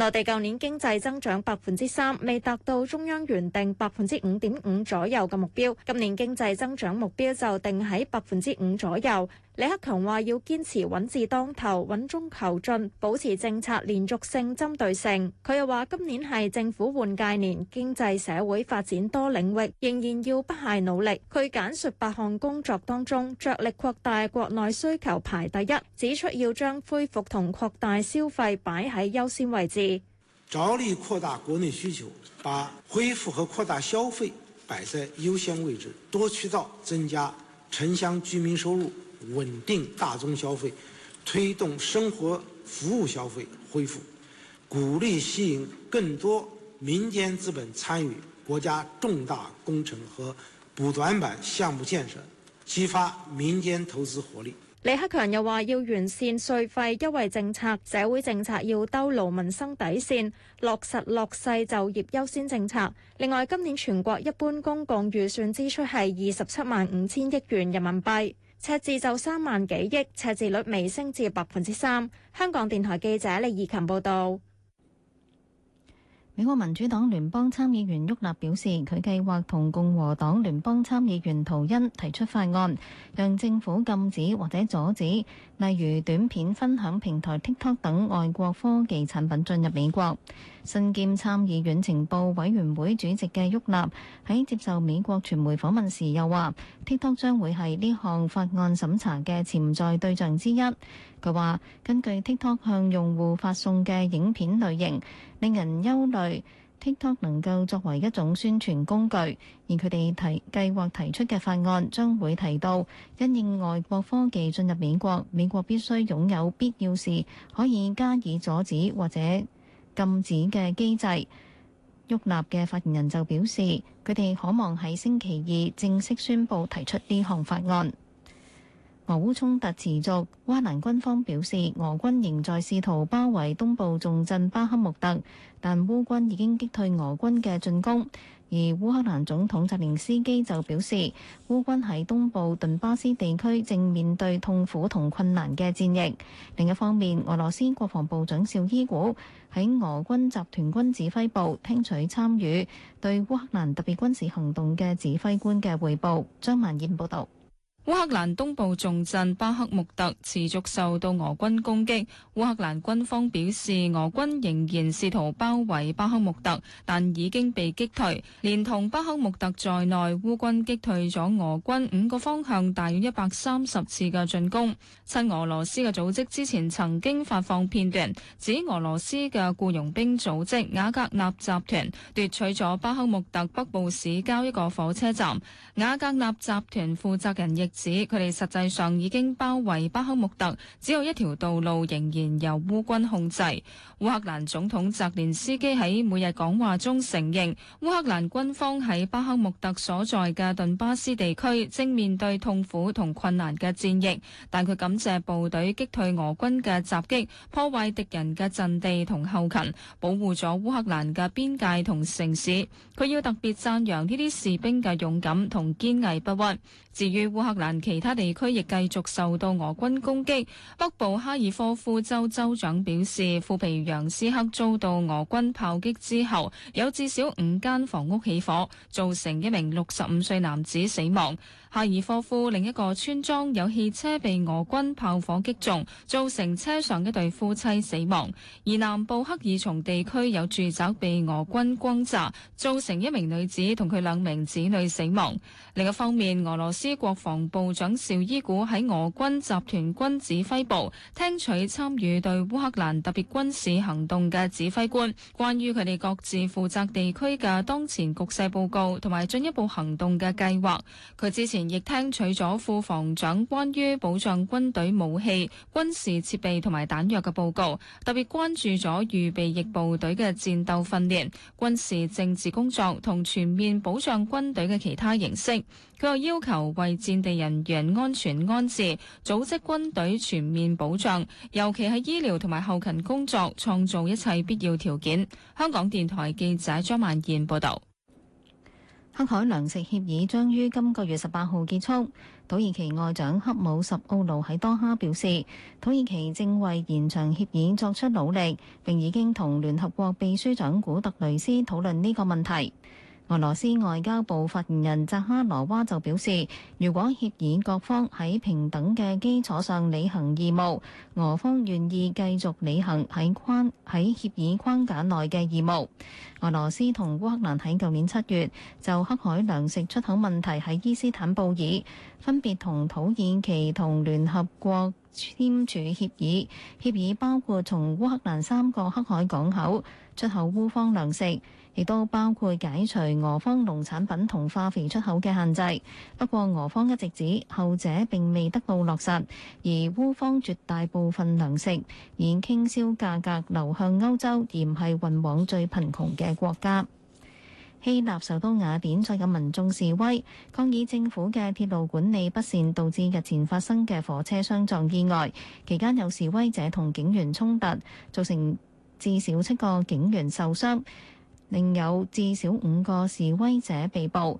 內地舊年經濟增長百分之三，未達到中央原定百分之五點五左右嘅目標。今年經濟增長目標就定喺百分之五左右。李克強話要堅持穩字當頭，穩中求進，保持政策連續性、針對性。佢又話：今年係政府換屆年，經濟社會發展多領域仍然要不懈努力。佢簡述八項工作當中，着力擴大國內需求排第一，指出要將恢復同擴大消費擺喺優先位置，着力擴大國內需求，把恢復和擴大消費擺在優先位置，多渠道增加城鄉居民收入。穩定大宗消費，推動生活服務消費恢復，鼓勵吸引更多民間資本參與國家重大工程和補短板項目建設，激發民間投資活力。李克強又話，要完善稅費優惠政策，社會政策要兜牢民生底線，落實落細就業優先政策。另外，今年全國一般公共預算支出係二十七萬五千億元人民幣。赤字就三萬幾億，赤字率微升至百分之三。香港電台記者李怡琴報道。美國民主黨聯邦參議員沃納表示，佢計劃同共和黨聯邦參議員圖恩提出法案，讓政府禁止或者阻止例如短片分享平台 TikTok 等外國科技產品進入美國。身兼參議院情報委員會主席嘅沃納喺接受美國傳媒訪問時又話：TikTok 將會係呢項法案審查嘅潛在對象之一。佢話：根據 TikTok 向用戶發送嘅影片類型，令人憂慮 TikTok 能夠作為一種宣傳工具。而佢哋提計劃提出嘅法案將會提到，因應外國科技進入美國，美國必須擁有必要時可以加以阻止或者禁止嘅機制，烏納嘅發言人就表示，佢哋可望喺星期二正式宣佈提出呢項法案。俄烏衝突持續，烏蘭軍方表示，俄軍仍在試圖包圍東部重鎮巴克穆特，但烏軍已經擊退俄軍嘅進攻。而烏克蘭總統澤連斯基就表示，烏軍喺東部頓巴斯地區正面對痛苦同困難嘅戰役。另一方面，俄羅斯國防部長紹伊古喺俄軍集團軍指揮部聽取參與對烏克蘭特別軍事行動嘅指揮官嘅匯報。張曼燕報道。烏克蘭東部重鎮巴克穆特持續受到俄軍攻擊，烏克蘭軍方表示，俄軍仍然試圖包圍巴克穆特，但已經被擊退。連同巴克穆特在內，烏軍擊退咗俄軍五個方向大約一百三十次嘅進攻。親俄羅斯嘅組織之前曾經發放片段，指俄羅斯嘅雇傭兵組織瓦格納集團奪取咗巴克穆特北部市郊一個火車站。瓦格納集團負責人亦。指佢哋實際上已經包圍巴克穆特，只有一條道路仍然由烏軍控制。烏克蘭總統澤連斯基喺每日講話中承認，烏克蘭軍方喺巴克穆特所在嘅頓巴斯地區正面對痛苦同困難嘅戰役，但佢感謝部隊擊退俄軍嘅襲擊，破壞敵人嘅陣地同後勤，保護咗烏克蘭嘅邊界同城市。佢要特別讚揚呢啲士兵嘅勇敢同堅毅不屈。至於烏克蘭其他地區，亦繼續受到俄軍攻擊。北部哈爾科夫州州長表示，庫皮揚斯克遭到俄軍炮擊之後，有至少五間房屋起火，造成一名六十五歲男子死亡。哈爾科夫另一個村莊有汽車被俄軍炮火擊中，造成車上一對夫妻死亡；而南部克爾松地區有住宅被俄軍轟炸，造成一名女子同佢兩名子女死亡。另一方面，俄羅斯國防部長紹伊古喺俄軍集團軍指揮部聽取參與對烏克蘭特別軍事行動嘅指揮官關於佢哋各自負責地區嘅當前局勢報告同埋進一步行動嘅計劃。佢之前，亦聽取咗副防長關於保障軍隊武器、軍事設備同埋彈藥嘅報告，特別關注咗預備役部隊嘅戰鬥訓練、軍事政治工作同全面保障軍隊嘅其他形式。佢又要求為戰地人員安全安置，組織軍隊全面保障，尤其係醫療同埋後勤工作，創造一切必要條件。香港電台記者張曼燕報道。黑海糧食協議將於今個月十八號結束。土耳其外長克武什奧魯喺多哈表示，土耳其正為延長協議作出努力，並已經同聯合國秘書長古特雷斯討論呢個問題。俄羅斯外交部發言人扎哈羅娃就表示，如果協議各方喺平等嘅基礎上履行義務，俄方願意繼續履行喺框喺協議框架內嘅義務。俄羅斯同烏克蘭喺舊年七月就黑海糧食出口問題喺伊斯坦布爾，分別同土耳其同聯合國簽署協議，協議包括從烏克蘭三個黑海港口出口烏方糧食。亦都包括解除俄方農產品同化肥出口嘅限制，不過俄方一直指後者並未得到落實，而烏方絕大部分糧食以傾銷價格流向歐洲，而唔係運往最貧窮嘅國家。希臘首都雅典再有民眾示威，抗議政府嘅鐵路管理不善，導致日前發生嘅火車相撞意外。期間有示威者同警員衝突，造成至少七個警員受傷。另有至少五個示威者被捕。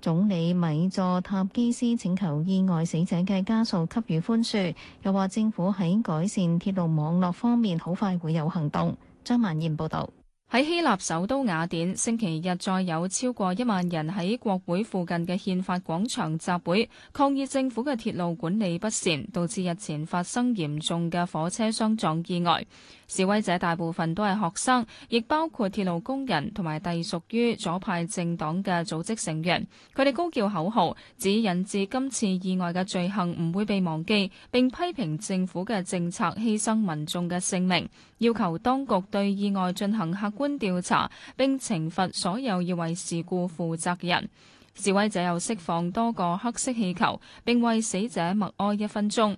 總理米佐塔基斯請求意外死者嘅家屬給予寬恕，又話政府喺改善鐵路網絡方面好快會有行動，張曼燕報道。喺希臘首都雅典，星期日再有超過一萬人喺國會附近嘅憲法廣場集會，抗議政府嘅鐵路管理不善，導致日前發生嚴重嘅火車相撞意外。示威者大部分都係學生，亦包括鐵路工人同埋隸屬於左派政黨嘅組織成員，佢哋高叫口號，指引致今次意外嘅罪行唔會被忘記，並批評政府嘅政策犧牲民眾嘅性命，要求當局對意外進行客觀調查，並懲罰所有要為事故負責嘅人。示威者又釋放多個黑色氣球，並為死者默哀一分鐘。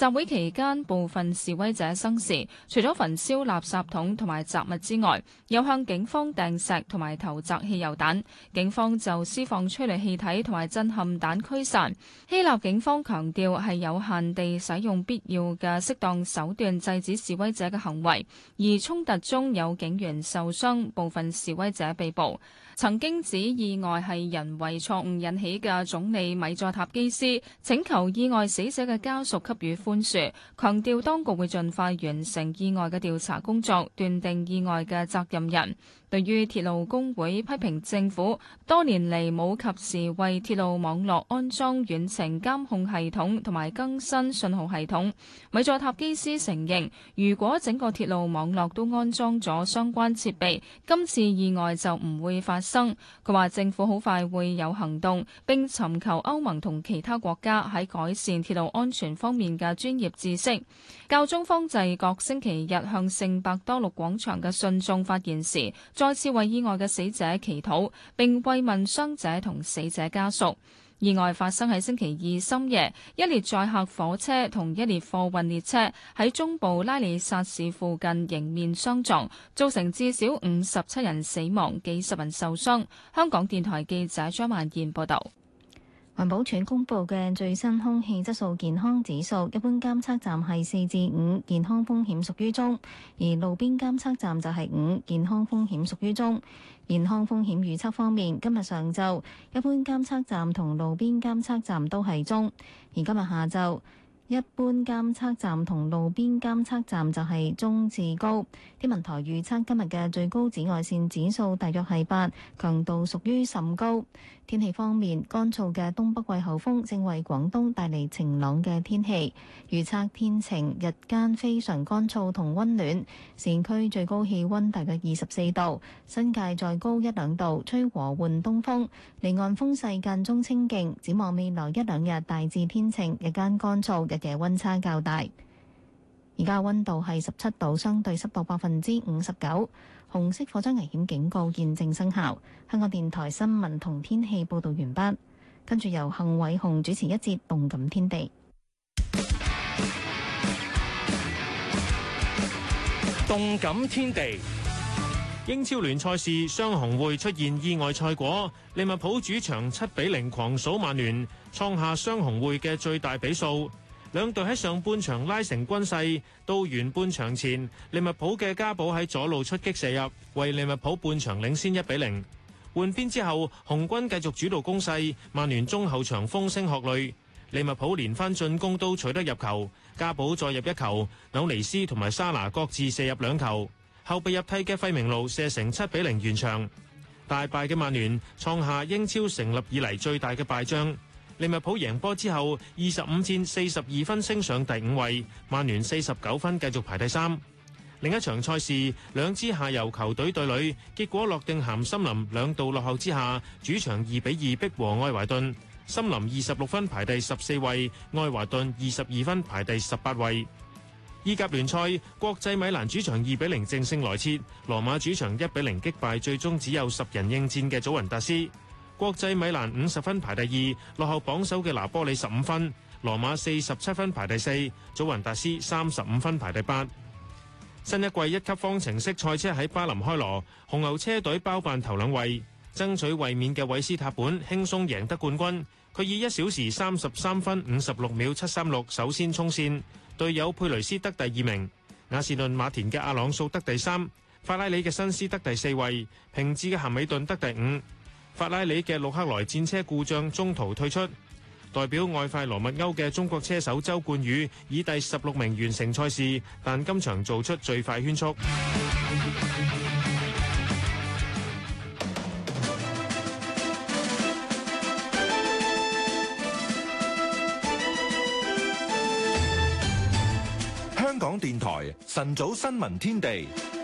集會期間，部分示威者生事，除咗焚燒垃圾桶同埋雜物之外，又向警方掟石同埋投擲汽油彈，警方就施放催淚氣體同埋震撼彈驅散。希臘警方強調係有限地使用必要嘅適當手段制止示威者嘅行為，而衝突中有警員受傷，部分示威者被捕。曾經指意外係人為錯誤引起嘅總理米佐塔基斯請求意外死者嘅家屬給予寬恕，強調當局會盡快完成意外嘅調查工作，斷定意外嘅責任人。對於鐵路工會批評政府多年嚟冇及時為鐵路網絡安裝遠程監控系統同埋更新信號系統，米佐塔基斯承認，如果整個鐵路網絡都安裝咗相關設備，今次意外就唔會發生。佢話政府好快會有行動，並尋求歐盟同其他國家喺改善鐵路安全方面嘅專業知識。教宗方濟各星期日向聖伯多祿廣場嘅信眾發言時，再次為意外嘅死者祈禱，並慰問傷者同死者家屬。意外發生喺星期二深夜，一列載客火車同一列貨運列車喺中部拉里薩市附近迎面相撞，造成至少五十七人死亡、幾十人受傷。香港電台記者張萬燕報導。環保署公布嘅最新空氣質素健康指數，一般監測站係四至五，健康風險屬於中；而路邊監測站就係五，健康風險屬於中。健康風險預測方面，今日上晝，一般監測站同路邊監測站都係中；而今日下晝，一般監測站同路邊監測站就係中至高。天文台預測今日嘅最高紫外線指數大約係八，強度屬於甚高。天氣方面，乾燥嘅東北季候風正為廣東帶嚟晴朗嘅天氣。預測天晴，日間非常乾燥同温暖，市區最高氣温大概二十四度，新界再高一兩度，吹和緩東風。離岸風勢間中清勁，展望未來一兩日大致天晴，日間乾燥，日夜温差較大。而家温度係十七度，相對濕度百分之五十九。紅色火災危險警告現正生效。香港電台新聞同天氣報道完畢，跟住由幸偉雄主持一節《動感天地》。《動感天地》 (music) 英超聯賽事雙紅會出現意外賽果，利物浦主場七比零狂掃曼聯，創下雙紅會嘅最大比數。兩隊喺上半場拉成均勢，到完半場前，利物浦嘅加保喺左路出擊射入，為利物浦半場領先一比零。換邊之後，紅軍繼續主導攻勢，曼聯中後場風聲鶴唳，利物浦連番進攻都取得入球，加保再入一球，紐尼斯同埋沙拿各自射入兩球。後備入替嘅費明路射成七比零完場，大敗嘅曼聯創下英超成立以嚟最大嘅敗仗。利物浦贏波之後，二十五戰四十二分，升上第五位。曼聯四十九分，繼續排第三。另一場賽事，兩支下游球隊對壘，結果，諾定咸森林兩度落後之下，主場二比二逼和愛華頓。森林二十六分排第十四位，愛華頓二十二分排第十八位。意甲聯賽，國際米蘭主場二比零淨勝來切，羅馬主場一比零擊敗最終只有十人應戰嘅祖雲達斯。國際米蘭五十分排第二，落後榜首嘅拿波里十五分；羅馬四十七分排第四，祖雲達斯三十五分排第八。新一季一級方程式賽車喺巴林開鑼，紅牛車隊包辦頭兩位，爭取衛冕嘅韋斯塔本輕鬆贏得冠軍。佢以一小時三十三分五十六秒七三六首先衝線，隊友佩雷斯得第二名，雅士頓馬田嘅阿朗素得第三，法拉利嘅新斯得第四位，平治嘅咸美頓得第五。法拉利嘅路克萊戰車故障中途退出，代表外快羅密歐嘅中國車手周冠宇以第十六名完成賽事，但今場做出最快圈速。香港電台晨早新聞天地。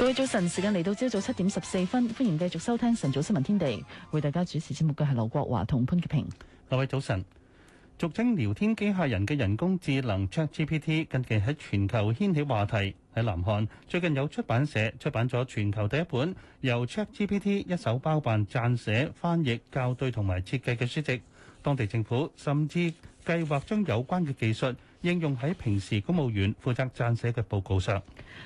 各位早晨，時間嚟到朝早七點十四分，歡迎繼續收聽晨早新聞天地。為大家主持節目嘅係劉國華同潘潔平。各位早晨。俗稱聊天機械人嘅人工智能 ChatGPT 近期喺全球掀起話題。喺南韓最近有出版社出版咗全球第一本由 ChatGPT 一手包辦撰寫翻譯校對同埋設計嘅書籍。當地政府甚至計劃將有關嘅技術應用喺平時公務員負責撰寫嘅報告上。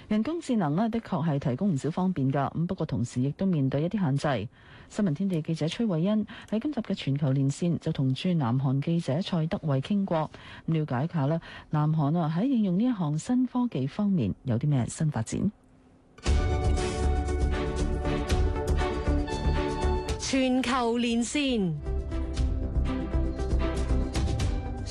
人工智能呢，的確係提供唔少方便噶咁，不過同時亦都面對一啲限制，新聞天地記者崔慧欣喺今集嘅全球連線就同駐南韓記者蔡德惠傾過，了解下啦。南韓啊喺應用呢一項新科技方面有啲咩新發展？全球連線。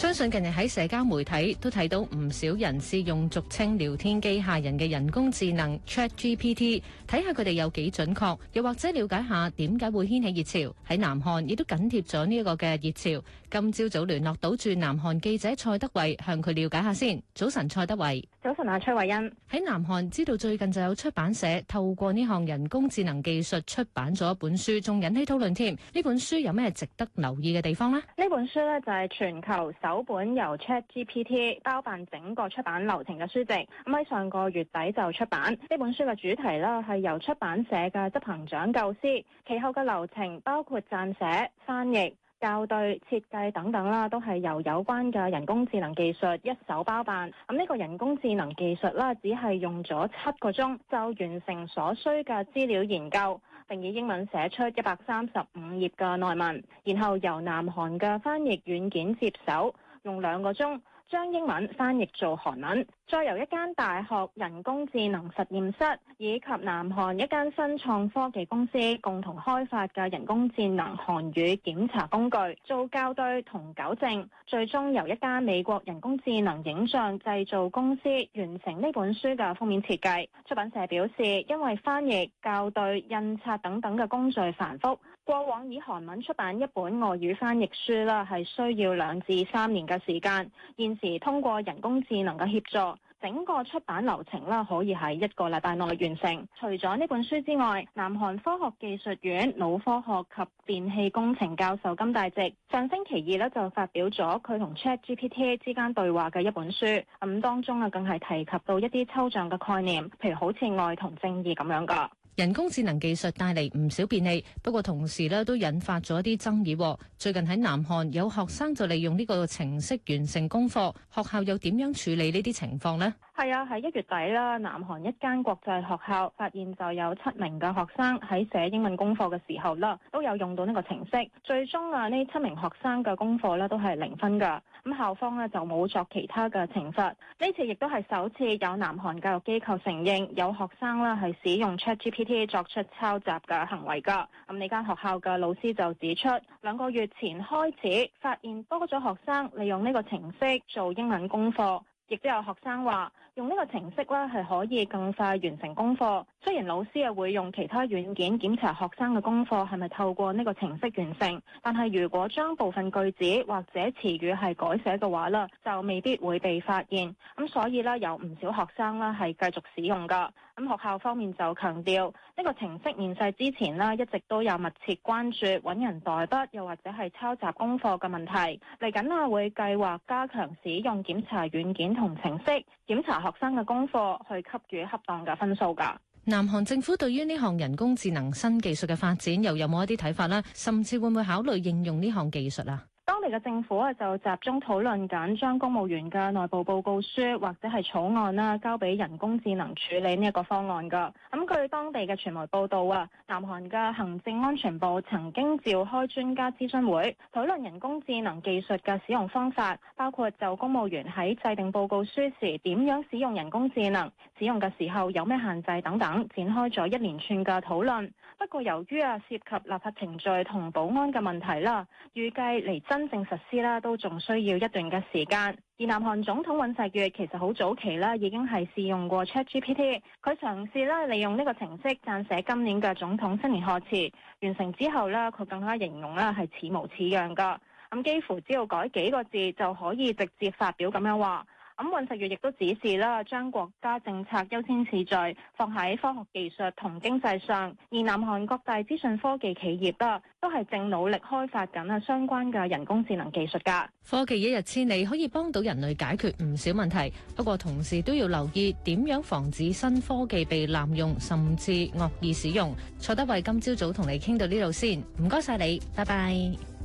相信近日喺社交媒體都睇到唔少人士用俗稱聊天機械人嘅人工智能 ChatGPT，睇下佢哋有幾準確，又或者了解下點解會掀起熱潮。喺南韓亦都緊貼咗呢一個嘅熱潮。今朝早聯絡到住南韓記者蔡德偉，向佢了解下先。早晨，蔡德偉。早晨啊，崔慧欣。喺南韓知道最近就有出版社透過呢項人工智能技術出版咗一本書，仲引起討論添。呢本書有咩值得留意嘅地方呢？呢本書呢，就係全球首首本由 ChatGPT 包辦整個出版流程嘅書籍，咁、嗯、喺上個月底就出版。呢本書嘅主題啦,係由出版社嘅執行長構思，其後嘅流程包括撰寫、翻譯、校對、設計等等啦，都係由有關嘅人工智能技術一手包辦。咁、嗯、呢、呢個人工智能技術啦，只係用咗七個鐘就完成所需嘅資料研究，並以英文寫出一百三十五頁嘅內文，然後由南韓嘅翻譯軟件接手。用兩個鐘將英文翻譯做韓文，再由一間大學人工智能實驗室以及南韓一間新創科技公司共同開發嘅人工智能韓語檢查工具做校對同糾正，最終由一間美國人工智能影像製造公司完成呢本書嘅封面設計。出版社表示，因為翻譯、校對、印刷等等嘅工序繁複。過往以韓文出版一本外語翻譯書啦，係需要兩至三年嘅時間。現時通過人工智能嘅協助，整個出版流程啦可以喺一個禮拜內完成。除咗呢本書之外，南韓科學技術院腦科學及電氣工程教授金大直上星期二咧就發表咗佢同 ChatGPT 之間對話嘅一本書，咁當中啊更係提及到一啲抽象嘅概念，譬如好似愛同正義咁樣噶。人工智能技術帶嚟唔少便利，不過同時呢都引發咗一啲爭議。最近喺南韓有學生就利用呢個程式完成功課，學校又點樣處理呢啲情況呢？係啊，喺一月底啦，南韓一間國際學校發現就有七名嘅學生喺寫英文功課嘅時候啦，都有用到呢個程式。最終啊，呢七名學生嘅功課呢都係零分㗎，咁校方呢，就冇作其他嘅懲罰。呢次亦都係首次有南韓教育機構承認有學生啦係使用 ChatGPT。作出抄襲嘅行為㗎。咁呢間學校嘅老師就指出，兩個月前開始發現多咗學生利用呢個程式做英文功課，亦都有學生話。用呢個程式咧，係可以更快完成功課。雖然老師啊，會用其他軟件檢查學生嘅功課，係咪透過呢個程式完成，但係如果將部分句子或者詞語係改寫嘅話呢，就未必會被發現，咁所以呢，有唔少學生呢，係繼續使用噶。咁學校方面就強調，呢個程式面世之前呢，一直都有密切關注揾人代筆，又或者係抄襲功課嘅問題。嚟緊啊，會計劃加強使用檢查軟件同程式檢查。學生嘅功課去給予恰當嘅分數噶。南韓政府對於呢項人工智能新技術嘅發展，又有冇一啲睇法呢？甚至會唔會考慮應用呢項技術啊？嚟嘅政府啊，就集中討論緊將公務員嘅內部報告書或者係草案啦，交俾人工智能處理呢一個方案噶。咁據當地嘅傳媒報道啊，南韓嘅行政安全部曾經召開專家諮詢會，討論人工智能技術嘅使用方法，包括就公務員喺制定報告書時點樣使用人工智能，使用嘅時候有咩限制等等，展開咗一連串嘅討論。不過由於啊涉及立法程序同保安嘅問題啦，預計嚟真正實施啦，都仲需要一段嘅時間。而南韓總統尹錫悅其實好早期啦，已經係試用過 Chat GPT。佢嘗試咧利用呢個程式撰寫今年嘅總統新年賀詞，完成之後咧，佢更加形容咧係似模似樣㗎。咁、嗯、幾乎只要改幾個字就可以直接發表咁樣話。咁尹錫悅亦都指示啦，將國家政策優先次序放喺科學技術同經濟上，而南韓各大資訊科技企業啊，都係正努力開發緊啊相關嘅人工智能技術噶。科技一日千里，可以幫到人類解決唔少問題，不過同時都要留意點樣防止新科技被濫用甚至惡意使用。蔡德偉今朝早同你傾到呢度先，唔該曬你，拜拜，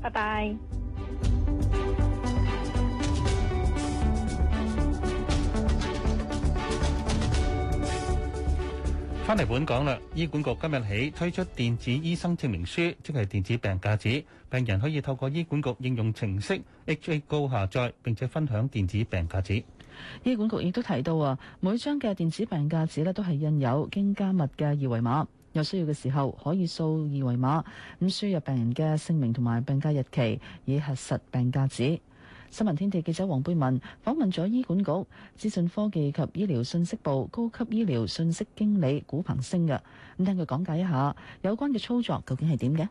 拜拜。翻嚟本港啦，醫管局今日起推出電子醫生證明書，即係電子病假紙。病人可以透過醫管局應用程式 HA Go 下載並且分享電子病假紙。醫管局亦都提到啊，每張嘅電子病假紙咧都係印有經加密嘅二維碼，有需要嘅時候可以掃二維碼，咁輸入病人嘅姓名同埋病假日期以核實病假紙。新聞天地記者黃貝文訪問咗醫管局資訊科技及醫療信息部高級醫療信息經理古鵬升嘅，咁聽佢講解一下有關嘅操作究竟係點嘅？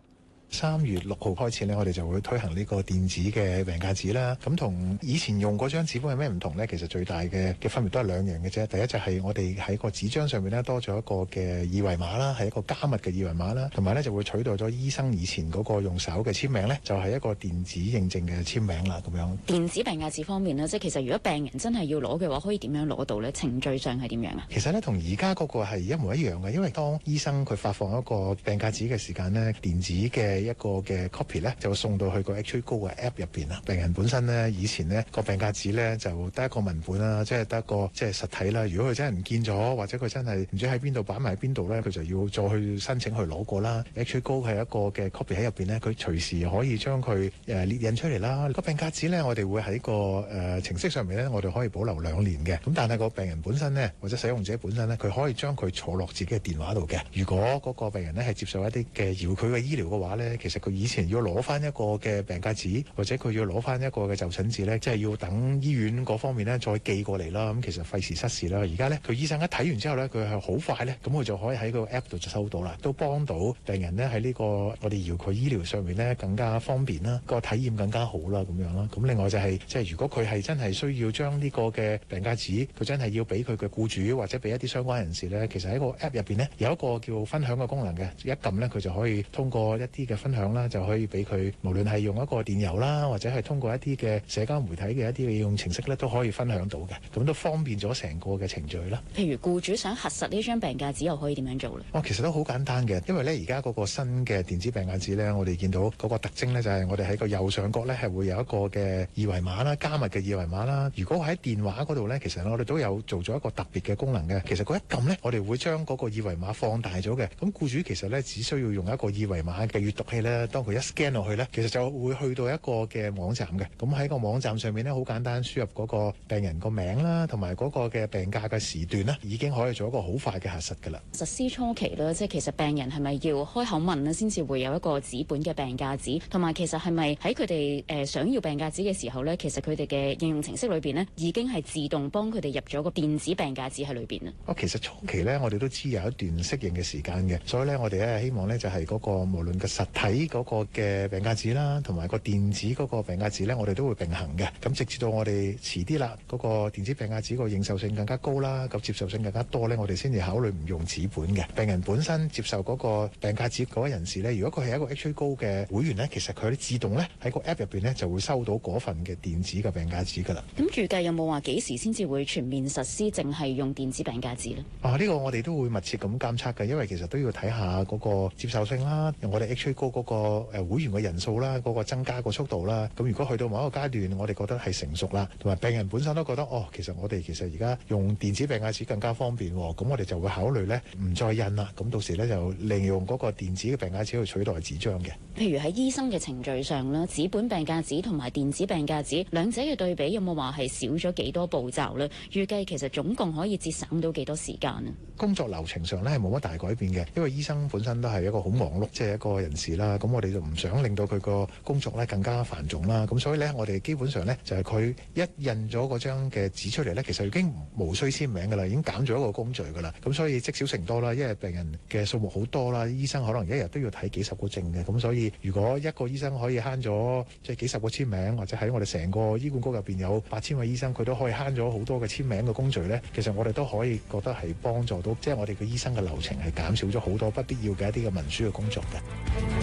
三月六號開始咧，我哋就會推行呢個電子嘅病假紙啦。咁同以前用嗰張紙本係咩唔同呢？其實最大嘅嘅分別都係兩樣嘅啫。第一就係我哋喺個紙張上面咧多咗一個嘅二維碼啦，係一個加密嘅二維碼啦。同埋咧就會取代咗醫生以前嗰個用手嘅簽名呢，就係一個電子認證嘅簽名啦。咁樣電子病假紙方面呢，即係其實如果病人真係要攞嘅話，可以點樣攞到呢？程序上係點樣啊？其實呢，同而家嗰個係一模一樣嘅，因為當醫生佢發放一個病假紙嘅時間呢，電子嘅一個嘅 copy 咧，就送到去個 H 高嘅 app 入邊啦。病人本身呢，以前呢個病架紙呢，就得一個文本啦，即係得一個即係實體啦。如果佢真係唔見咗，或者佢真係唔知喺邊度擺埋喺邊度呢，佢就要再去申請去攞過啦。2 H 高係一個嘅 copy 喺入邊呢，佢隨時可以將佢誒列印出嚟啦。個病架紙呢，我哋會喺個誒、呃、程式上面呢，我哋可以保留兩年嘅。咁但係個病人本身呢，或者使用者本身呢，佢可以將佢坐落自己嘅電話度嘅。如果嗰個病人呢，係接受一啲嘅遙佢嘅醫療嘅話呢。其實佢以前要攞翻一個嘅病假紙，或者佢要攞翻一個嘅就診紙呢，即係要等醫院嗰方面呢再寄過嚟啦。咁其實費事失事啦。而家呢，佢醫生一睇完之後呢，佢係好快呢，咁佢就可以喺個 app 度就收到啦，都幫到病人呢、這個。喺呢個我哋遙距醫療上面呢，更加方便啦，個體驗更加好啦咁樣啦。咁另外就係、是、即係如果佢係真係需要將呢個嘅病假紙，佢真係要俾佢嘅僱主或者俾一啲相關人士呢，其實喺個 app 入邊呢，有一個叫分享嘅功能嘅，一撳呢，佢就可以通過一啲嘅。分享啦，就可以俾佢，無論係用一個電郵啦，或者係通過一啲嘅社交媒體嘅一啲應用程式咧，都可以分享到嘅，咁都方便咗成個嘅程序啦。譬如僱主想核實呢張病假紙又可以點樣做呢？哦，其實都好簡單嘅，因為呢，而家嗰個新嘅電子病假紙呢，我哋見到嗰個特徵呢，就係我哋喺個右上角呢，係會有一個嘅二維碼啦，加密嘅二維碼啦。如果喺電話嗰度呢，其實我哋都有做咗一個特別嘅功能嘅，其實嗰一撳呢，我哋會將嗰個二維碼放大咗嘅。咁僱主其實呢，只需要用一個二維碼嘅閱讀。係咧，當佢一 scan 落去咧，其實就會去到一個嘅網站嘅。咁喺個網站上面咧，好簡單輸入嗰個病人個名啦，同埋嗰個嘅病假嘅時段啦，已經可以做一個好快嘅核實㗎啦。實施初期咧，即係其實病人係咪要開口問咧，先至會有一個紙本嘅病假紙，同埋其實係咪喺佢哋誒想要病假紙嘅時候咧，其實佢哋嘅應用程式裏邊呢，已經係自動幫佢哋入咗個電子病假紙喺裏邊啊。哦，其實初期咧，我哋都知有一段適應嘅時間嘅，所以咧，我哋咧希望咧就係嗰個無論個實睇嗰個嘅病假紙啦，同埋個電子嗰個病假紙咧，我哋都會並行嘅。咁直至到我哋遲啲啦，嗰、那個電子病假紙個認受性更加高啦，咁接受性更加多咧，我哋先至考慮唔用紙本嘅。病人本身接受嗰個病假紙嗰位人士咧，如果佢係一個 H A 高嘅會員咧，其實佢自動咧喺個 app 入邊咧就會收到嗰份嘅電子嘅病假紙噶啦。咁預計有冇話幾時先至會全面實施，淨係用電子病假紙咧？啊，呢、這個我哋都會密切咁監測嘅，因為其實都要睇下嗰個接受性啦。我哋 H A 高。嗰個誒會員嘅人數啦，嗰、嗰個增加個速度啦，咁如果去到某一個階段，我哋覺得係成熟啦，同埋病人本身都覺得哦，其實我哋其實而家用電子病假紙更加方便，咁我哋就會考慮咧唔再印啦，咁到時咧就利用嗰個電子嘅病假紙去取代紙張嘅。譬如喺醫生嘅程序上啦，紙本病假紙同埋電子病假紙兩者嘅對比，有冇話係少咗幾多步驟呢？預計其實總共可以節省到幾多時間啊？工作流程上咧係冇乜大改變嘅，因為醫生本身都係一個好忙碌即係、即係、一個人士，啦，咁、嗯、我哋就唔想令到佢個工作咧更加繁重啦。咁所以呢，我哋基本上呢，就係、是、佢一印咗嗰張嘅紙出嚟呢，其實已經無需簽名噶啦，已經減咗一個工序噶啦。咁所以積少成多啦，因為病人嘅數目好多啦，醫生可能一日都要睇幾十個症嘅。咁所以如果一個醫生可以慳咗即係幾十個簽名，或者喺我哋成個醫管局入邊有八千位醫生，佢都可以慳咗好多嘅簽名嘅工序呢，其實我哋都可以覺得係幫助到即係、就是、我哋嘅醫生嘅流程係減少咗好多不必要嘅一啲嘅文書嘅工作嘅。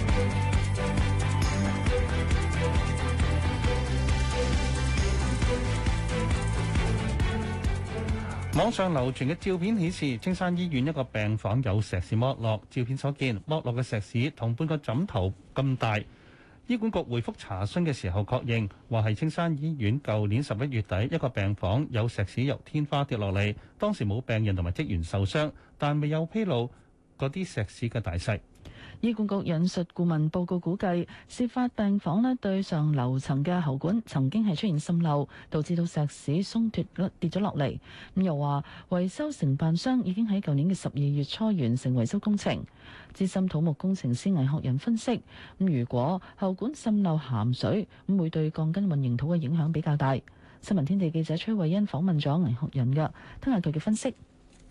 網上流傳嘅照片顯示，青山醫院一個病房有石屎剝落。照片所見，剝落嘅石屎同半個枕頭咁大。醫管局回覆查詢嘅時候確認，確認話係青山醫院舊年十一月底一個病房有石屎由天花跌落嚟，當時冇病人同埋職員受傷，但未有披露嗰啲石屎嘅大細。醫管局引述顧問報告估計，事發病房咧對上樓層嘅喉管曾經係出現滲漏，導致到石屎鬆脱咧跌咗落嚟。咁又話，維修承辦商已經喺舊年嘅十二月初完成維修工程。資深土木工程師魏學仁分析：咁如果喉管滲漏鹹水，咁會對鋼筋混凝土嘅影響比較大。新聞天地記者崔慧欣訪問咗魏學仁嘅，聽下佢嘅分析。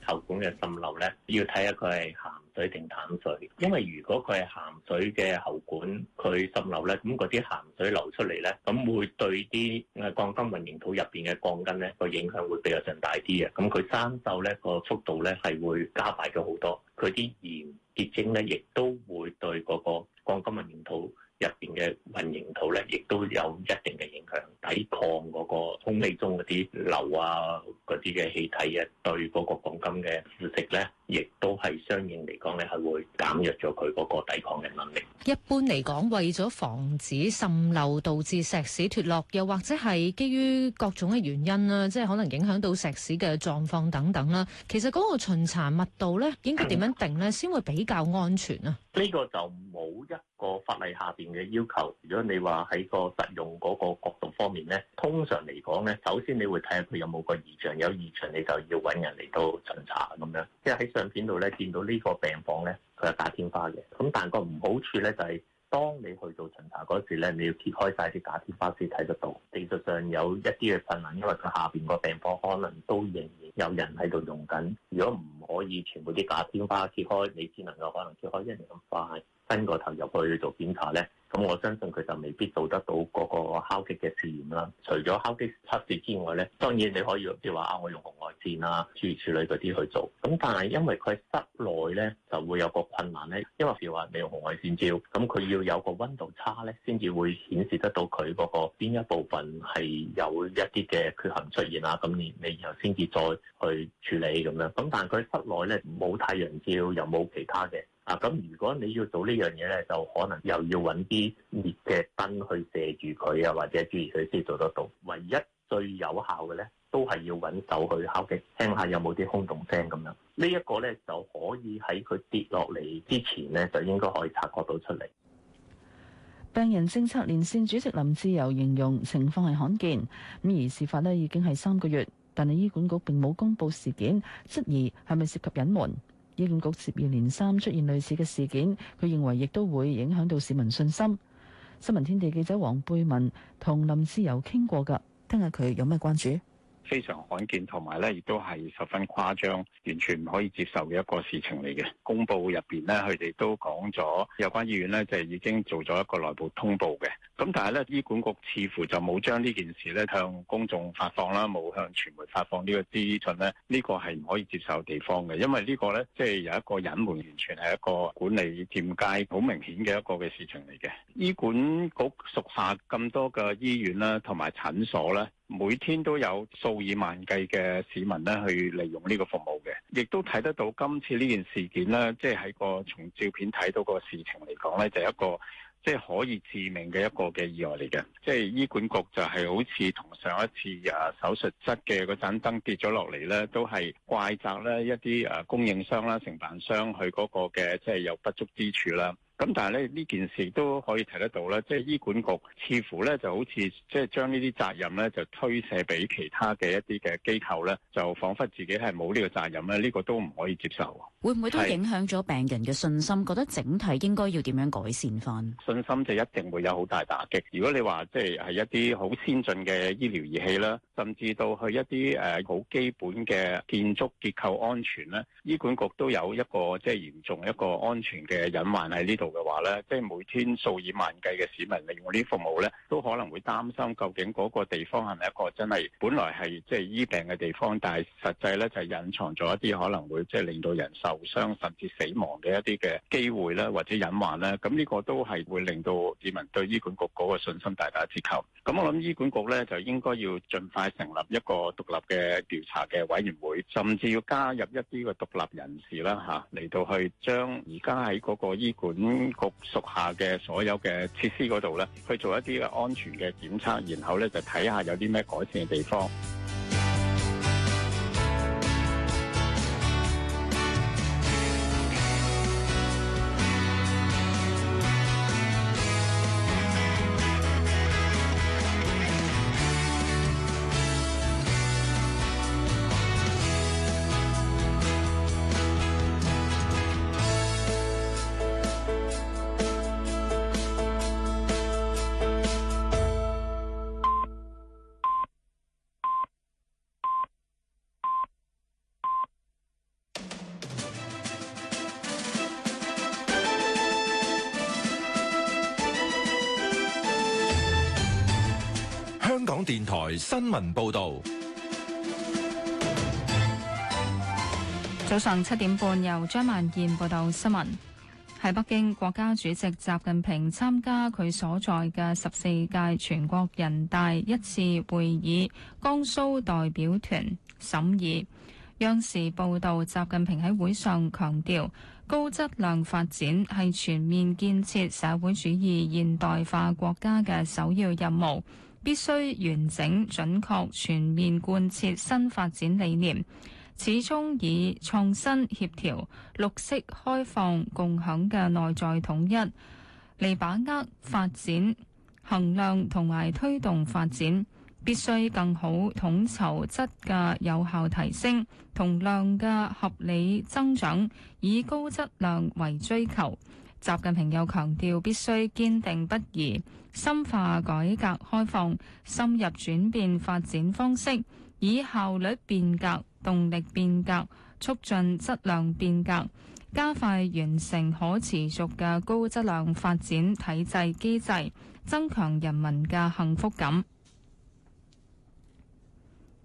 喉管嘅滲漏咧，要睇下佢係鹹水定淡水。因為如果佢係鹹水嘅喉管，佢滲漏咧，咁嗰啲鹹水流出嚟咧，咁會對啲誒鋼筋混凝土入邊嘅鋼筋咧個影響會比較陣大啲嘅。咁佢生鏽咧個速度咧係會加快咗好多。佢啲鹽結晶咧，亦都會對嗰個鋼筋混凝土。入邊嘅混凝土咧，亦都有一定嘅影響，抵抗嗰個空氣中嗰啲硫啊、嗰啲嘅氣體啊，對嗰個鋼筋嘅腐蝕咧。亦都係相應嚟講咧，係會減弱咗佢嗰個抵抗嘅能力。一般嚟講，為咗防止滲漏導致石屎脫落，又或者係基於各種嘅原因啦，即係可能影響到石屎嘅狀況等等啦，其實嗰個巡查密度咧應該點樣定咧先會比較安全啊？呢個就冇一個法例下邊嘅要求。如果你話喺個實用嗰個角度方面咧，通常嚟講咧，首先你會睇下佢有冇個異常，有異常你就要揾人嚟到巡查咁樣，即係喺上片度咧見到呢個病房咧，佢係假天花嘅。咁但係個唔好處咧，就係、是、當你去做巡查嗰時咧，你要揭開晒啲假天花先睇得到。技術上有一啲嘅困難，因為佢下邊個病房可能都仍然有人喺度用緊。如果唔可以全部啲假天花揭開，你只能夠可能揭開一年咁快。伸個頭入去，去做檢查咧，咁我相信佢就未必做得到嗰個敲擊嘅試驗啦。除咗敲擊測試之外咧，當然你可以譬如話啊，我用紅外線啊，處理處理嗰啲去做。咁但係因為佢喺室內咧，就會有個困難咧。因為譬如話你用紅外線照，咁佢要有個温度差咧，先至會顯示得到佢嗰個邊一部分係有一啲嘅缺陷出現啦。咁你你然後先至再去處理咁樣。咁但係佢喺室內咧，冇太陽照，又冇其他嘅。啊，咁如果你要做呢樣嘢咧，就可能又要揾啲熱嘅燈去射住佢啊，或者注意佢先做得到。唯一最有效嘅咧，都係要揾手去敲擊，聽下有冇啲空洞聲咁樣。呢一個咧就可以喺佢跌落嚟之前咧，就應該可以察覺到出嚟。病人政策連線主席林志友形容情況係罕見，咁而事發呢已經係三個月，但係醫管局並冇公佈事件，質疑係咪涉及隱瞞。醫管局接二連三出現類似嘅事件，佢認為亦都會影響到市民信心。新聞天地記者黃貝文同林志友傾過㗎，聽下佢有咩關注。非常罕見，同埋咧，亦都係十分誇張，完全唔可以接受嘅一個事情嚟嘅。公布入邊咧，佢哋都講咗有關醫院咧，就係已經做咗一個內部通報嘅。咁但係咧，醫管局似乎就冇將呢件事咧向公眾發放啦，冇向傳媒發放呢個資訊咧。呢個係唔可以接受地方嘅，因為呢個咧即係有一個隱瞞，完全係一個管理踐屆好明顯嘅一個嘅事情嚟嘅。醫管局屬下咁多嘅醫院啦，同埋診所咧。每天都有數以萬計嘅市民咧去利用呢個服務嘅，亦都睇得到今次呢件事件咧，即係喺個從照片睇到個事情嚟講咧，就係、一個即係、就係、可以致命嘅一個嘅意外嚟嘅。即係醫管局就係好似同上一次誒手術室嘅嗰盞燈跌咗落嚟咧，都係怪責咧一啲誒供應商啦、承辦商佢嗰個嘅即係有不足之處啦。咁但係咧呢件事都可以睇得到咧，即係醫管局似乎咧就好似即係將呢啲責任咧就推卸俾其他嘅一啲嘅機構咧，就仿佛自己係冇呢個責任咧，呢個都唔可以接受。會唔會都影響咗病人嘅信心？是覺得整體應該要點樣改善翻？信心就一定會有好大打擊。如果你話即係係一啲好先進嘅醫療儀器啦，甚至到去一啲誒好基本嘅建築結構安全咧，醫管局都有一個即係嚴重一個安全嘅隱患喺呢嘅話咧，即係每天數以萬計嘅市民利用呢啲服務咧,都可能會擔心究竟嗰個地方係咪一個真係本來係即係醫病嘅地方，但係實際咧就係、是、隱藏咗一啲可能會即係令到人受傷甚至死亡嘅一啲嘅機會咧，或者隱患咧。咁呢個都係會令到市民對醫管局嗰個信心大打折扣。咁我諗醫管局咧就應該要盡快成立一個獨立嘅調查嘅委員會，甚至要加入一啲嘅獨立人士啦吓，嚟、啊、到去將而家喺嗰個醫管。局屬下嘅所有嘅設施嗰度咧，去做一啲嘅安全嘅檢測，然後咧就睇下有啲咩改善嘅地方。新聞報導，早上七點半由張萬燕報道新聞。喺北京，國家主席習近平參加佢所在嘅十四屆全國人大一次會議江蘇代表團審議。央視報導，習近平喺會上強調，高質量發展係全面建設社會主義現代化國家嘅首要任務。必須完整、準確、全面貫徹新發展理念，始終以創新、協調、綠色、開放、共享嘅內在統一嚟把握發展、衡量同埋推動發展，必須更好統籌質嘅有效提升，同量嘅合理增長，以高質量為追求。習近平又強調，必須堅定不移深化改革開放，深入轉變發展方式，以效率變革、動力變革促進質量變革，加快完成可持續嘅高質量發展體制機制，增強人民嘅幸福感。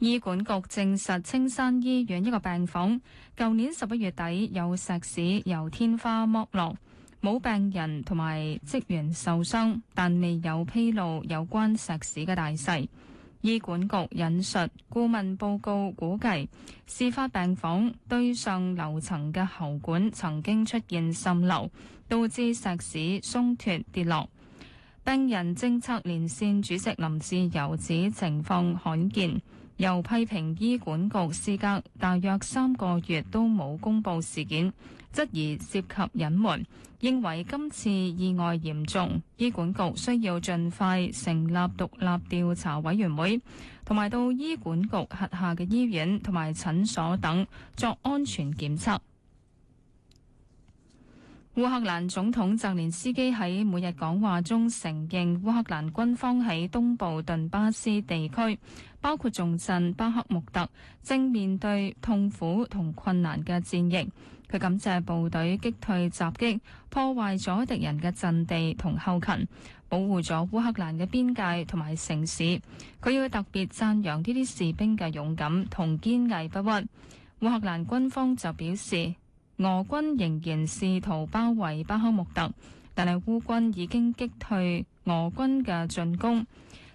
醫管局證實，青山醫院一個病房，舊年十一月底有石屎由天花剝落。冇病人同埋職員受傷，但未有披露有關石屎嘅大細。醫管局引述顧問報告估計，事發病房對上樓層嘅喉管曾經出現滲漏，導致石屎鬆脱跌落。病人政策連線主席林志由指情況罕見。又批評醫管局事隔大約三個月都冇公布事件，質疑涉及隱瞞，認為今次意外嚴重，醫管局需要盡快成立獨立調查委員會，同埋到醫管局轄下嘅醫院同埋診所等作安全檢測。烏克蘭總統澤連斯基喺每日講話中承認，烏克蘭軍方喺東部頓巴斯地區，包括重鎮巴克穆特，正面對痛苦同困難嘅戰役。佢感謝部隊擊退襲擊，破壞咗敵人嘅陣地同後勤，保護咗烏克蘭嘅邊界同埋城市。佢要特別讚揚呢啲士兵嘅勇敢同堅毅不屈。烏克蘭軍方就表示，俄軍仍然試圖包圍巴克穆特，但係烏軍已經擊退俄軍嘅進攻。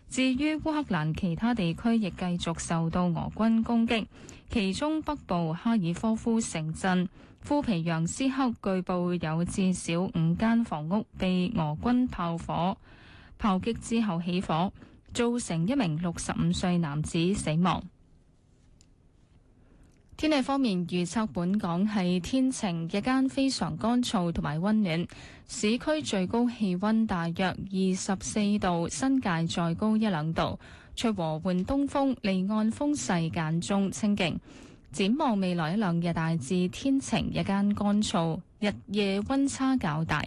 至於烏克蘭其他地區，亦繼續受到俄軍攻擊。其中北部哈爾科夫城鎮庫皮揚斯克，據報有至少五間房屋被俄軍炮火炮擊之後起火，造成一名六十五歲男子死亡。天氣方面，預測本港係天晴日間，非常乾燥同埋溫暖。市區最高氣溫大約二十四度，新界再高一兩度。吹和緩東風，離岸風勢間中清勁。展望未來一兩日，大致天晴日間，乾燥，日夜溫差較大。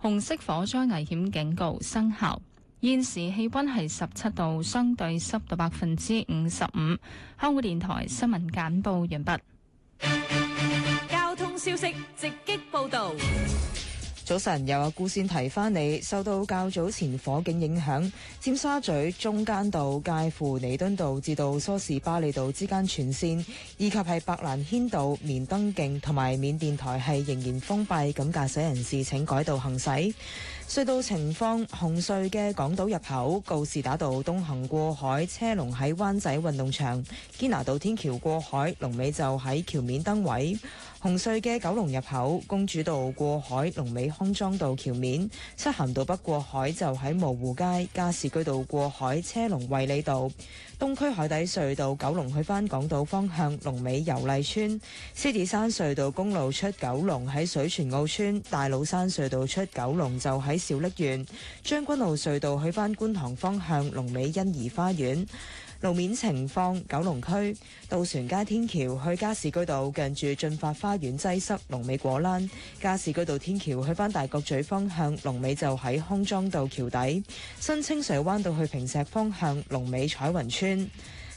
紅色火災危險警告生效。現時氣溫係十七度，相對濕度百分之五十五。香港電台新聞簡報完畢。交通消息直擊報道。早晨，由阿姑先提翻你，受到較早前火警影響，尖沙咀中間道介乎彌敦道至到梳士巴利道之間全線，以及係白蘭軒道、棉登徑同埋緬甸台係仍然封閉，咁駕駛人士請改道行駛。隧道情況：紅隧嘅港島入口告士打道東行過海車龍喺灣仔運動場，堅拿道天橋過海龍尾就喺橋面燈位；紅隧嘅九龍入口公主道過海龍尾康莊道橋面，漆咸道北過海就喺模糊街加士居道過海車龍衛理道。東區海底隧道九龍去返港島方向，龍尾油麗村；獅子山隧道公路出九龍喺水泉澳村，大老山隧道出九龍就喺兆瀝苑；將軍澳隧道去翻觀塘方向，龍尾欣怡花園。路面情況，九龍區渡船街天橋去加士居道，近住進發花園擠塞，龍尾果欄；加士居道天橋去返大角咀方向，龍尾就喺康莊道橋底；新清水灣道去坪石方向，龍尾彩雲村。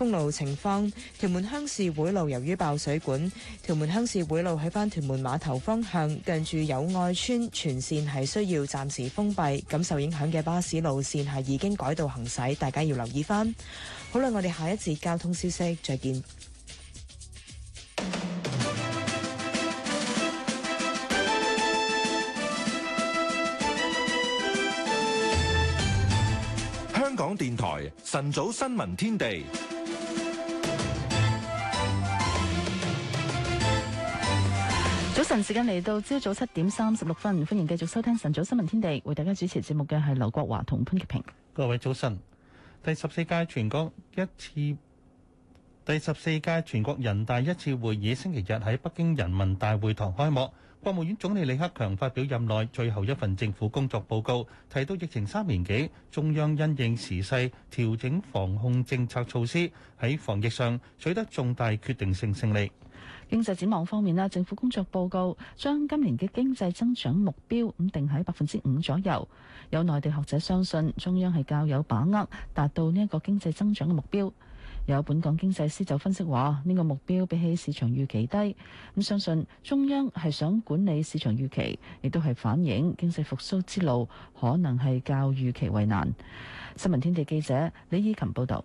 公路情況，屯門鄉事會路由於爆水管，屯門鄉事會路喺返屯門碼頭方向近住友愛村，全線係需要暫時封閉。咁受影響嘅巴士路線係已經改道行駛，大家要留意翻。好啦，我哋下一節交通消息再見。香港電台晨早新聞天地。早晨，時間嚟到朝早七點三十六分，歡迎繼續收聽晨早新聞天地，為大家主持節目嘅係劉國華同潘潔平。各位早晨。第十四屆全國一次第十四屆全國人大一次會議星期日喺北京人民大會堂開幕，國務院總理李克強發表任內最後一份政府工作報告，提到疫情三年幾，中央因應時勢調整防控政策措施，喺防疫上取得重大決定性勝利。經濟展望方面啦，政府工作報告將今年嘅經濟增長目標咁定喺百分之五左右。有內地學者相信中央係較有把握達到呢一個經濟增長嘅目標。有本港經濟師就分析話，呢、這個目標比起市場預期低，咁相信中央係想管理市場預期，亦都係反映經濟復甦之路可能係較預期為難。新聞天地記者李以琴報道。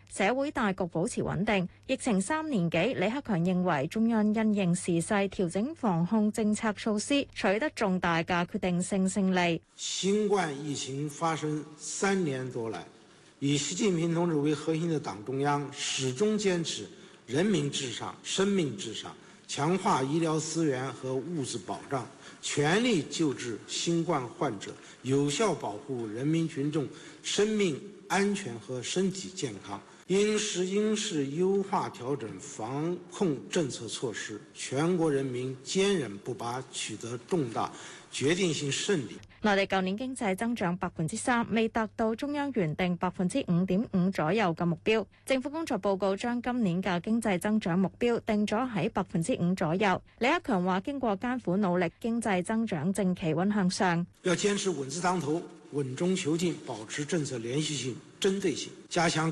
社會大局保持穩定，疫情三年幾，李克強認為中央因應時勢調整防控政策措施，取得重大嘅決定性勝利。新冠疫情發生三年多來，以習近平同志為核心的黨中央始終堅持人民至上、生命至上，強化醫療資源和物質保障，全力救治新冠患者，有效保護人民群眾生命安全和身體健康。因時因勢優化調整防控政策措施，全國人民堅忍不拔，取得重大決定性勝利。內地舊年經濟增長百分之三，未達到中央原定百分之五點五左右嘅目標。政府工作報告將今年嘅經濟增長目標定咗喺百分之五左右。李克強話：經過艱苦努力，經濟增長正企穩向上。要堅持穩字當頭、穩中求進，保持政策連續性、針對性，加強。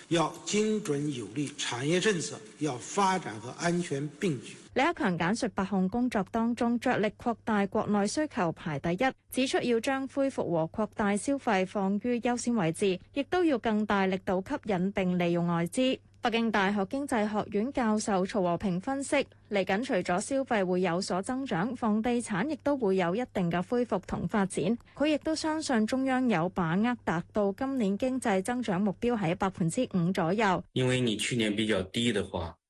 要精準有力，產業政策要發展和安全並舉。李克強簡述八項工作當中，着力擴大國內需求排第一，指出要將恢復和擴大消費放於優先位置，亦都要更大力度吸引並利用外資。北京大學經濟學院教授曹和平分析：嚟緊除咗消費會有所增長，房地產亦都會有一定嘅恢復同發展。佢亦都相信中央有把握達到今年經濟增長目標喺百分之五左右。因為你去年比較低的話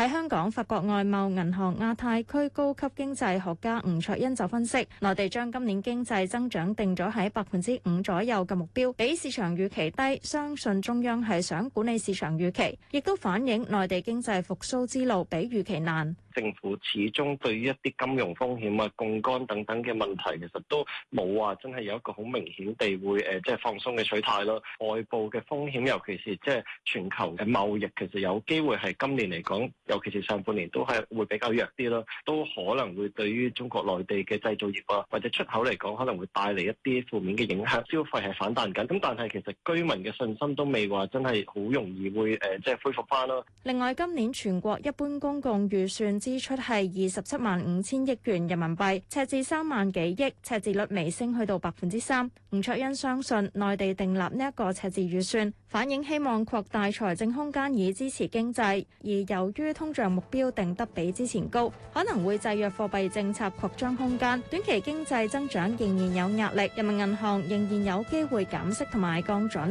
喺香港，法國外貿銀行亞太區高級經濟學家吳卓恩就分析，內地將今年經濟增長定咗喺百分之五左右嘅目標，比市場預期低，相信中央係想管理市場預期，亦都反映內地經濟復甦之路比預期難。政府始終對一啲金融風險啊、槓桿等等嘅問題，其實都冇話真係有一個好明顯地會誒即係放鬆嘅取態咯。外部嘅風險，尤其是即係全球嘅貿易，其實有機會係今年嚟講。尤其是上半年都係會比較弱啲咯，都可能會對於中國內地嘅製造業啊，或者出口嚟講可能會帶嚟一啲負面嘅影響。消費係反彈緊咁，但係其實居民嘅信心都未話真係好容易會誒即係恢復翻咯。另外，今年全國一般公共預算支出係二十七萬五千億元人民幣，赤字三萬幾億，赤字率微升去到百分之三。吳卓恩相信，內地訂立呢一個赤字預算，反映希望擴大財政空間以支持經濟，而由於。通脹目標定得比之前高，可能會制約貨幣政策擴張空間，短期經濟增長仍然有壓力，人民銀行仍然有機會減息同埋降準。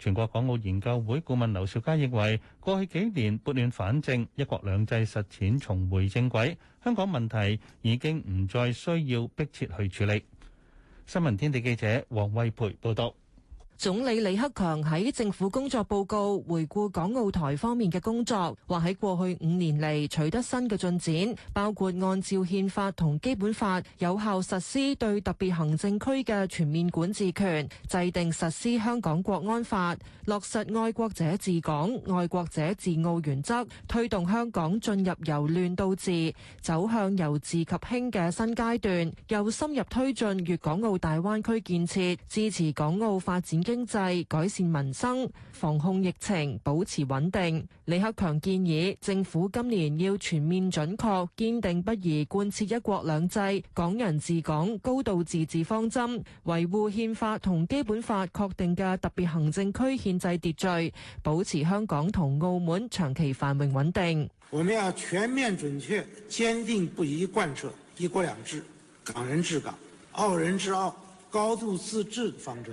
全國港澳研究會顧問劉兆佳認為，過去幾年撥亂反正，一國兩制實踐重回正軌，香港問題已經唔再需要迫切去處理。新聞天地記者黃惠培報道。總理李克強喺政府工作報告回顧港澳台方面嘅工作，話喺過去五年嚟取得新嘅進展，包括按照憲法同基本法有效實施對特別行政區嘅全面管治權，制定實施香港國安法，落實愛國者治港、愛國者治澳原則，推動香港進入由亂到治、走向由治及興嘅新階段，又深入推進粵港澳大灣區建設，支持港澳發展。經濟改善民生、防控疫情、保持穩定。李克強建議政府今年要全面準確、堅定不移貫徹一國兩制、港人治港、高度自治方針，維護憲法同基本法確定嘅特別行政區憲制秩序，保持香港同澳門長期繁榮穩定。我們要全面準確、堅定不移貫徹一國兩制、港人治港、澳人治澳、高度自治方針。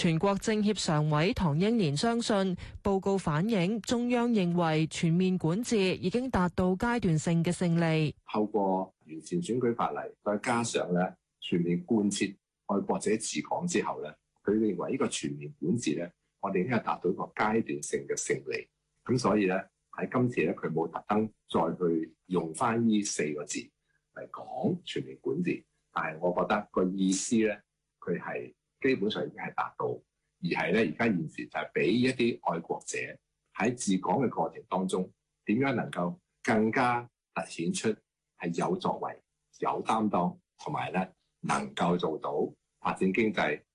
全國政協常委唐英年相信報告反映中央認為全面管治已經達到階段性嘅勝利。透過完善選舉法例，再加上咧全面貫徹愛國者治港之後咧，佢認為呢個全面管治咧，我哋已經達到一個階段性嘅勝利。咁所以咧喺今次咧，佢冇特登再去用翻呢四個字嚟講全面管治，但係我覺得個意思咧，佢係。基本上已經係達到，而係咧而家現時就係俾一啲愛國者喺治港嘅過程當中，點樣能夠更加凸顯出係有作為、有擔當，同埋咧能夠做到發展經濟、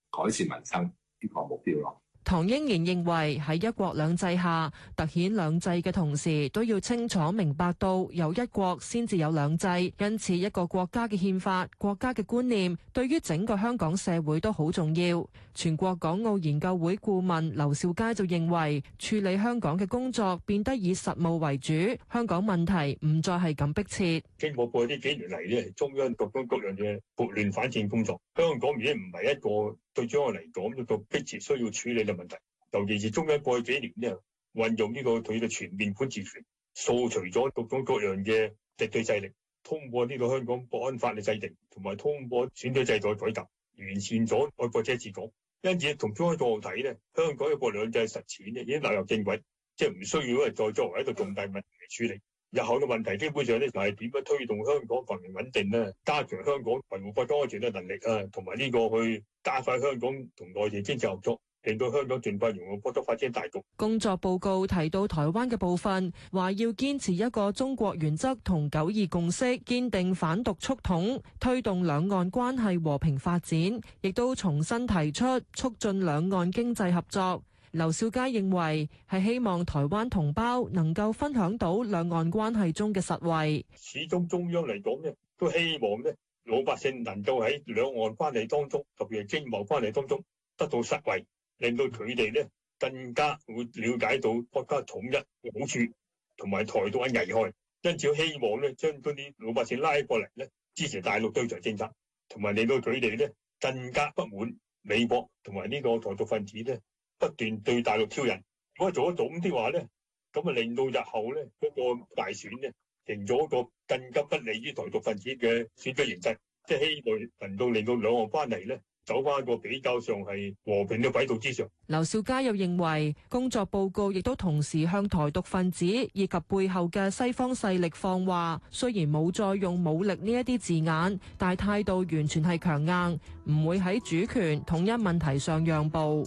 改善民生呢個目標咯。唐英年認為喺一國兩制下，突顯兩制嘅同時都要清楚明白到有一國先至有兩制。因此，一個國家嘅憲法、國家嘅觀念，對於整個香港社會都好重要。全國港澳研究會顧問劉兆佳就認為處理香港嘅工作變得以實務為主，香港問題唔再係咁迫切。經過過呢幾年嚟呢，中央各種各樣嘅撥亂反正工作，香港已經唔係一個。對中國嚟講，一個迫切需要處理嘅問題，尤其是中央過去幾年之後，運用呢、這個佢嘅全面管治權，掃除咗各種各樣嘅敵對勢力，通過呢個香港國安法嘅制定，同埋通過選舉制度嘅改革，完善咗愛國者治港。因此，同中央角度睇咧，香港一國兩制實踐咧已經納入正軌，即係唔需要再作為一個重大問題嚟處理。日後嘅問題，基本上呢，就係點樣推動香港繁榮穩定咧，加強香港維護國家安全嘅能力啊，同埋呢個去加快香港同內地經濟合作，令到香港盡快融入國家發展大局。工作報告提到台灣嘅部分，話要堅持一個中國原則同九二共識，堅定反獨促統，推動兩岸關係和平發展，亦都重新提出促進兩岸經濟合作。劉少佳認為係希望台灣同胞能夠分享到兩岸關係中嘅實惠。始終中央嚟講咧，都希望咧老百姓能夠喺兩岸關係當中，特別係經貿關係當中得到實惠，令到佢哋咧更加會了解到國家統一嘅好處，同埋台獨嘅危害。因此希望咧將嗰啲老百姓拉過嚟咧支持大陸對台政策，同埋令到佢哋咧更加不滿美國同埋呢個台獨分子咧。不斷對大陸挑釁，如果做得到咁啲話咧，咁啊令到日後咧嗰個大選咧，成咗一個更加不利於台獨分子嘅選舉形勢，即係希望令到令到兩岸翻嚟咧，走翻一個比較上係和平嘅軌道之上。劉少佳又認為，工作報告亦都同時向台獨分子以及背後嘅西方勢力放話，雖然冇再用武力呢一啲字眼，但係態度完全係強硬，唔會喺主權統一問題上讓步。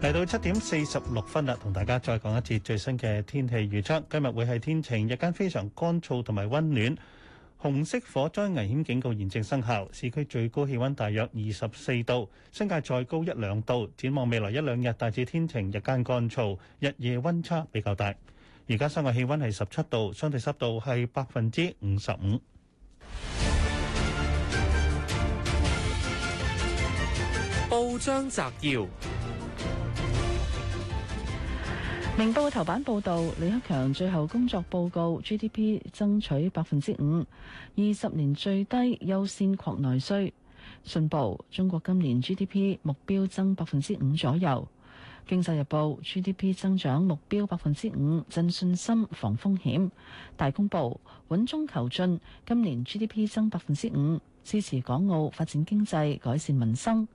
嚟到七點四十六分啦，同大家再講一次最新嘅天氣預測。今日會係天晴，日間非常乾燥同埋溫暖，紅色火災危險警告現正生效。市區最高氣溫大約二十四度，新界再高一兩度。展望未來一兩日，大致天晴，日間乾燥，日夜溫差比較大。而家室外氣溫係十七度，相對濕度係百分之五十五。報章摘要：明報頭版報導，李克強最後工作報告 GDP 爭取百分之五，二十年最低優先擴內需。信報：中國今年 GDP 目標增百分之五左右。經濟日報 GDP 增長目標百分之五，振信心防風險。大公報穩中求進，今年 GDP 增百分之五，支持港澳發展經濟，改善民生。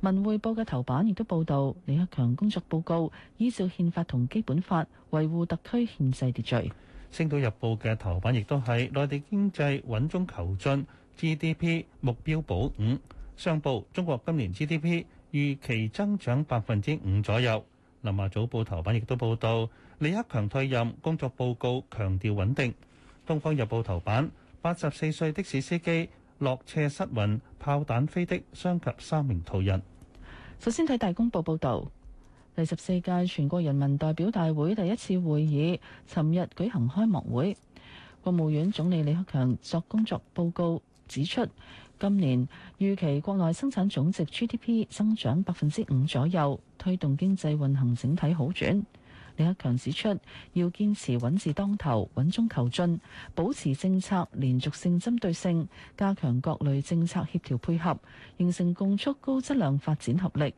文匯報嘅頭版亦都報道李克強工作報告，依照憲法同基本法維護特區憲制秩序。星島日報嘅頭版亦都係內地經濟穩中求進，GDP 目標保五。商報中國今年 GDP 預期增長百分之五左右。《南華早報》頭版亦都報道，李克強退任工作報告強調穩定。《東方日報》頭版，八十四歲的士司機落車失穩，炮彈飛的，傷及三名途人。首先睇《大公報》報導，第十四屆全國人民代表大會第一次會議尋日舉行開幕會，國務院總理李克強作工作報告，指出。今年預期國內生產總值 GDP 增長百分之五左右，推動經濟運行整體好轉。李克強指出，要堅持穩字當頭、穩中求進，保持政策連續性針對性，加強各類政策協調配合，形成共促高質量發展合力。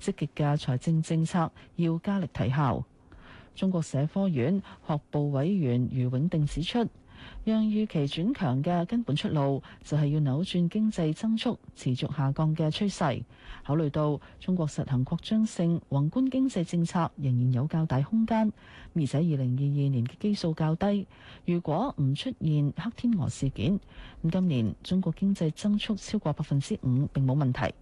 積極嘅財政政策要加力提效。中國社科院學部委員余永定指出。讓預期轉強嘅根本出路，就係要扭轉經濟增速持續下降嘅趨勢。考慮到中國實行擴張性宏觀經濟政策仍然有較大空間，而且二零二二年嘅基數較低，如果唔出現黑天鵝事件，咁今年中國經濟增速超過百分之五並冇問題。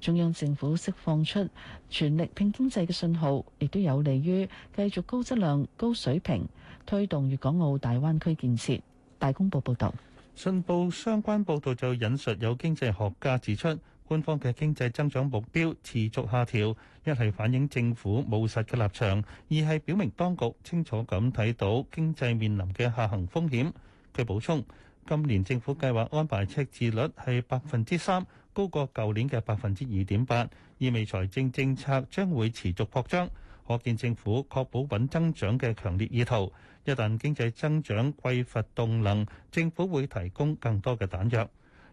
中央政府釋放出全力拼經濟嘅信號，亦都有利於繼續高質量、高水平。推動粵港澳大灣區建設。大公報報道，信報相關報道就引述有經濟學家指出，官方嘅經濟增長目標持續下調，一係反映政府務實嘅立場，二係表明當局清楚咁睇到經濟面臨嘅下行風險。佢補充，今年政府計劃安排赤字率係百分之三，高過舊年嘅百分之二點八，意味財政政策將會持續擴張，可見政府確保穩增長嘅強烈意圖。一旦經濟增長匱乏動能，政府會提供更多嘅彈藥。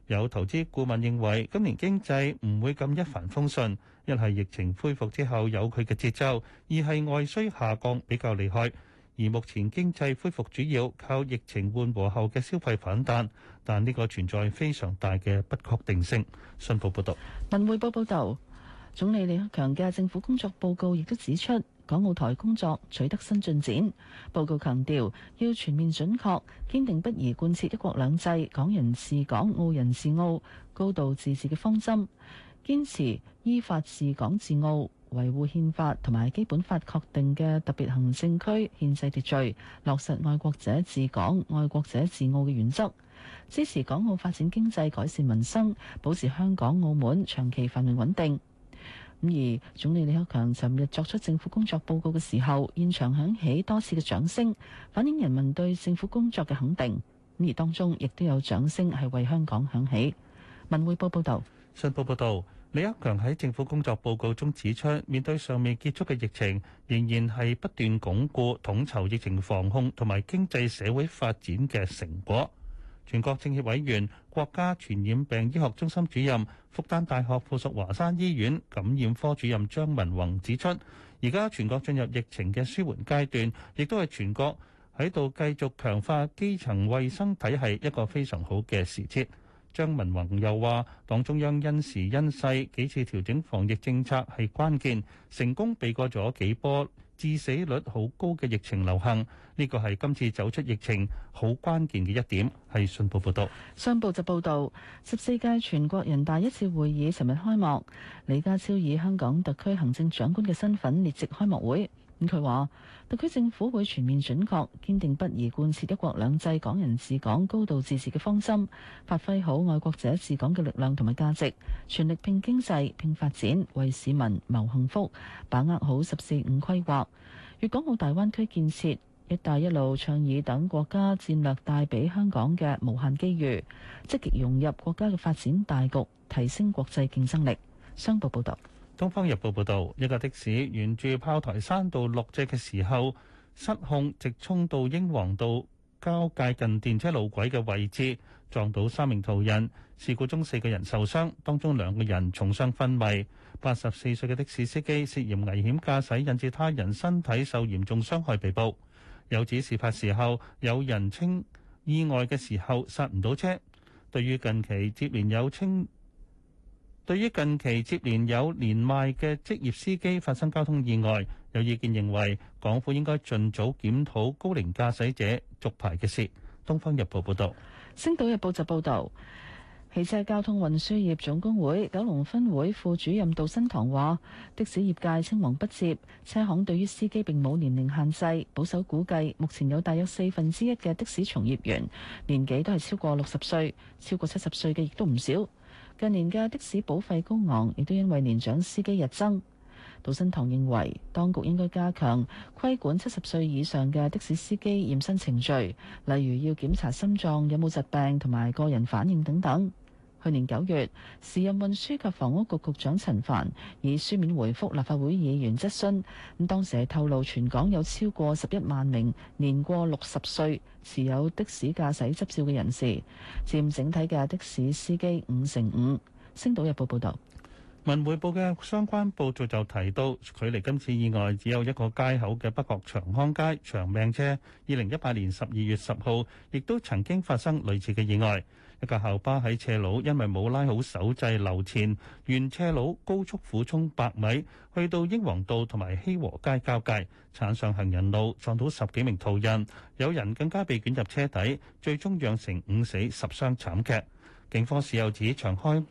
有投資顧問認為，今年經濟唔會咁一帆風順，一係疫情恢復之後有佢嘅節奏，二係外需下降比較厲害，而目前經濟恢復主要靠疫情緩和後嘅消費反彈，但呢個存在非常大嘅不確定性。信報報道，文匯報報道，總理李克強嘅政府工作報告亦都指出。港澳台工作取得新進展。報告強調，要全面準確堅定不移貫徹一國兩制、港人治港、澳人治澳、高度自治嘅方針，堅持依法治港治澳，維護憲法同埋基本法確定嘅特別行政區憲制秩序，落實愛國者治港、愛國者治澳嘅原則，支持港澳發展經濟改善民生，保持香港、澳門長期繁榮穩定。咁而總理李克強尋日作出政府工作報告嘅時候，現場響起多次嘅掌聲，反映人民對政府工作嘅肯定。咁而當中亦都有掌聲係為香港響起。文匯報報導、信報報導，李克強喺政府工作報告中指出，面對尚未結束嘅疫情，仍然係不斷鞏固統籌疫情防控同埋經濟社會發展嘅成果。全國政協委員、國家傳染病醫學中心主任、復旦大學附屬華山醫院感染科主任張文宏指出：而家全國進入疫情嘅舒緩階段，亦都係全國喺度繼續強化基層衛生體系一個非常好嘅時節。張文宏又話：黨中央因時因勢幾次調整防疫政策係關鍵，成功避過咗幾波，致死率好高嘅疫情流行，呢、這個係今次走出疫情好關鍵嘅一點。係信報報道，信報就報道十四屆全國人大一次會議尋日開幕，李家超以香港特區行政長官嘅身份列席開幕會。佢話：特區政府會全面準確、堅定不移貫徹一國兩制、港人治港、高度自治嘅方針，發揮好愛國者治港嘅力量同埋價值，全力拼經濟、拼發展，為市民謀幸福，把握好「十四五」規劃、粵港澳大灣區建設、一帶一路倡議等國家戰略帶俾香港嘅無限機遇，積極融入國家嘅發展大局，提升國際競爭力。商報報道。《東方日報》報導，一架的士沿住炮台山道落斜嘅時候失控，直衝到英皇道交界近電車路軌嘅位置，撞到三名途人。事故中四個人受傷，當中兩個人重傷昏迷。八十四歲嘅的，的士司機涉嫌危險駕駛，引致他人身體受嚴重傷害，被捕。有指事發時候有人稱意外嘅時候剎唔到車。對於近期接連有稱對於近期接連有連賣嘅職業司機發生交通意外，有意見認為港府應該盡早檢討高齡駕駛者續牌嘅事。《東方日報》報導，《星島日報》就報導，汽車交通運輸業總工會九龍分會副主任杜新堂話：的士業界青黃不接，車行對於司機並冇年齡限制。保守估計，目前有大約四分之一嘅的,的士從業員年紀都係超過六十歲，超過七十歲嘅亦都唔少。近年嘅的，的士保費高昂，亦都因為年長司機日增。杜新堂認為，當局應該加強規管七十歲以上嘅的，的士司機驗身程序，例如要檢查心臟有冇疾病同埋個人反應等等。去年九月，時任運輸及房屋局局長陳帆以書面回覆立法會議員質詢，咁當時係透露全港有超過十一萬名年過六十歲持有的士駕駛執照嘅人士，佔整體嘅的,的士司機五成五。星島日報報道。文匯報嘅相關報道就提到，距離今次意外只有一個街口嘅北角長康街長命車二零一八年十二月十號亦都曾經發生類似嘅意外。一架校巴喺斜路，因為冇拉好手掣，溜前沿斜路高速俯衝百米，去到英皇道同埋希和街交界，鏟上行人路，撞到十幾名途人，有人更加被捲入車底，最終釀成五死十傷慘劇。警方事後指長康，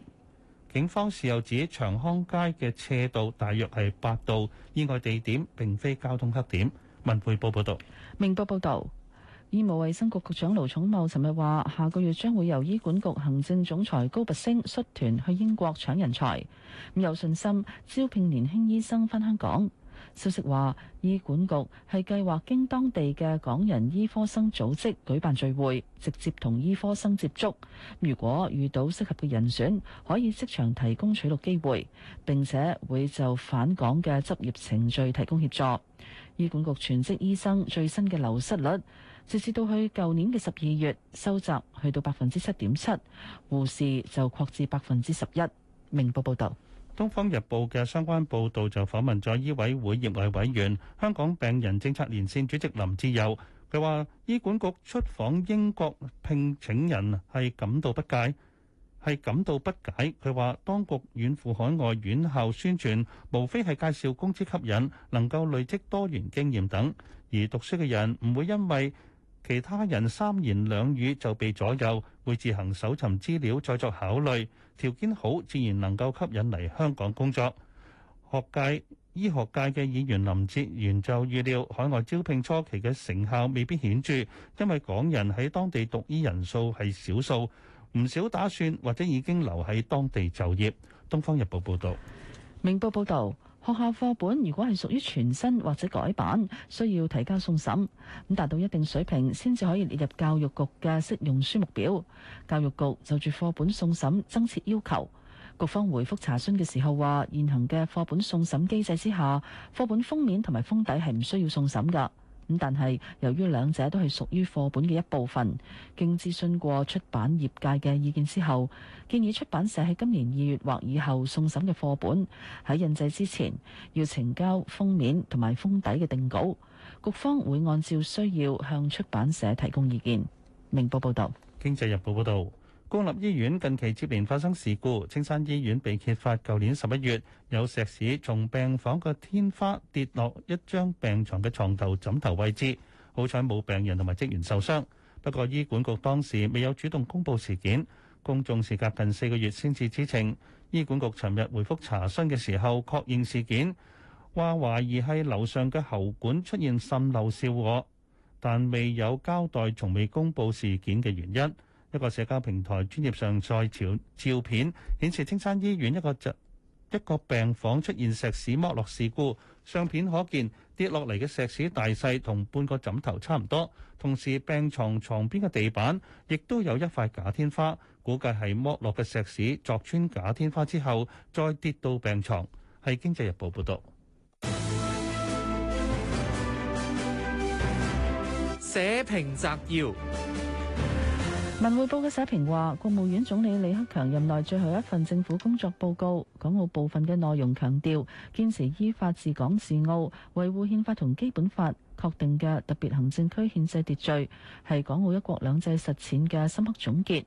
警方事後指長康街嘅斜道大約係八度，意外地點並非交通黑點。文匯報報道。明報報導。醫務衛生局局長盧寵茂尋日話，下個月將會由醫管局行政總裁高拔升率團去英國搶人才，咁有信心招聘年輕醫生返香港。消息話，醫管局係計劃經當地嘅港人醫科生組織舉辦聚會，直接同醫科生接觸。如果遇到適合嘅人選，可以即場提供取錄機會，並且會就返港嘅執業程序提供協助。醫管局全職醫生最新嘅流失率。直至到去舊年嘅十二月，收窄去到百分之七點七，護士就擴至百分之十一。明報報道，《東方日報》嘅相關報導就訪問咗醫委會業外委員、香港病人政策連線主席林志友。佢話：醫管局出訪英國聘請人係感到不解，係感到不解。佢話：當局遠赴海外院校宣傳，無非係介紹工資吸引，能夠累積多元經驗等，而讀書嘅人唔會因為。其他人三言兩語就被左右，會自行搜尋資料，再作考慮。條件好，自然能夠吸引嚟香港工作。學界醫學界嘅議員林哲源就預料，海外招聘初期嘅成效未必顯著，因為港人喺當地讀醫人數係少數，唔少打算或者已經留喺當地就業。《東方日報》報道。《明報》報道。學校課本如果係屬於全新或者改版，需要提交送審，咁達到一定水平先至可以列入教育局嘅適用書目表。教育局就住課本送審增設要求，局方回覆查詢嘅時候話，現行嘅課本送審機制之下，課本封面同埋封底係唔需要送審㗎。咁但係由於兩者都係屬於課本嘅一部分，經諮詢過出版業界嘅意見之後，建議出版社喺今年二月或以後送審嘅課本喺印製之前要呈交封面同埋封底嘅定稿，局方會按照需要向出版社提供意見。明報報道。《經濟日報》報道。公立醫院近期接連發生事故，青山醫院被揭發舊年十一月有石屎從病房嘅天花跌落一張病床嘅床頭枕頭位置，好彩冇病人同埋職員受傷。不過醫管局當時未有主動公佈事件，公眾事隔近四個月先至知情。醫管局尋日回覆查詢嘅時候確認事件，話懷疑係樓上嘅喉管出現滲漏笑禍，但未有交代從未公佈事件嘅原因。一個社交平台專業上載照片顯示，青山醫院一個就一個病房出現石屎剝落事故，相片可見跌落嚟嘅石屎大細同半個枕頭差唔多，同時病床床邊嘅地板亦都有一塊假天花，估計係剝落嘅石屎鑿穿假天花之後再跌到病床。係《經濟日報》報道。社評摘要。文匯報嘅社評話，國務院總理李克強任內最後一份政府工作報告，港澳部分嘅內容強調，堅持依法治港治澳，維護憲法同基本法確定嘅特別行政區憲制秩序，係港澳一國兩制實踐嘅深刻總結。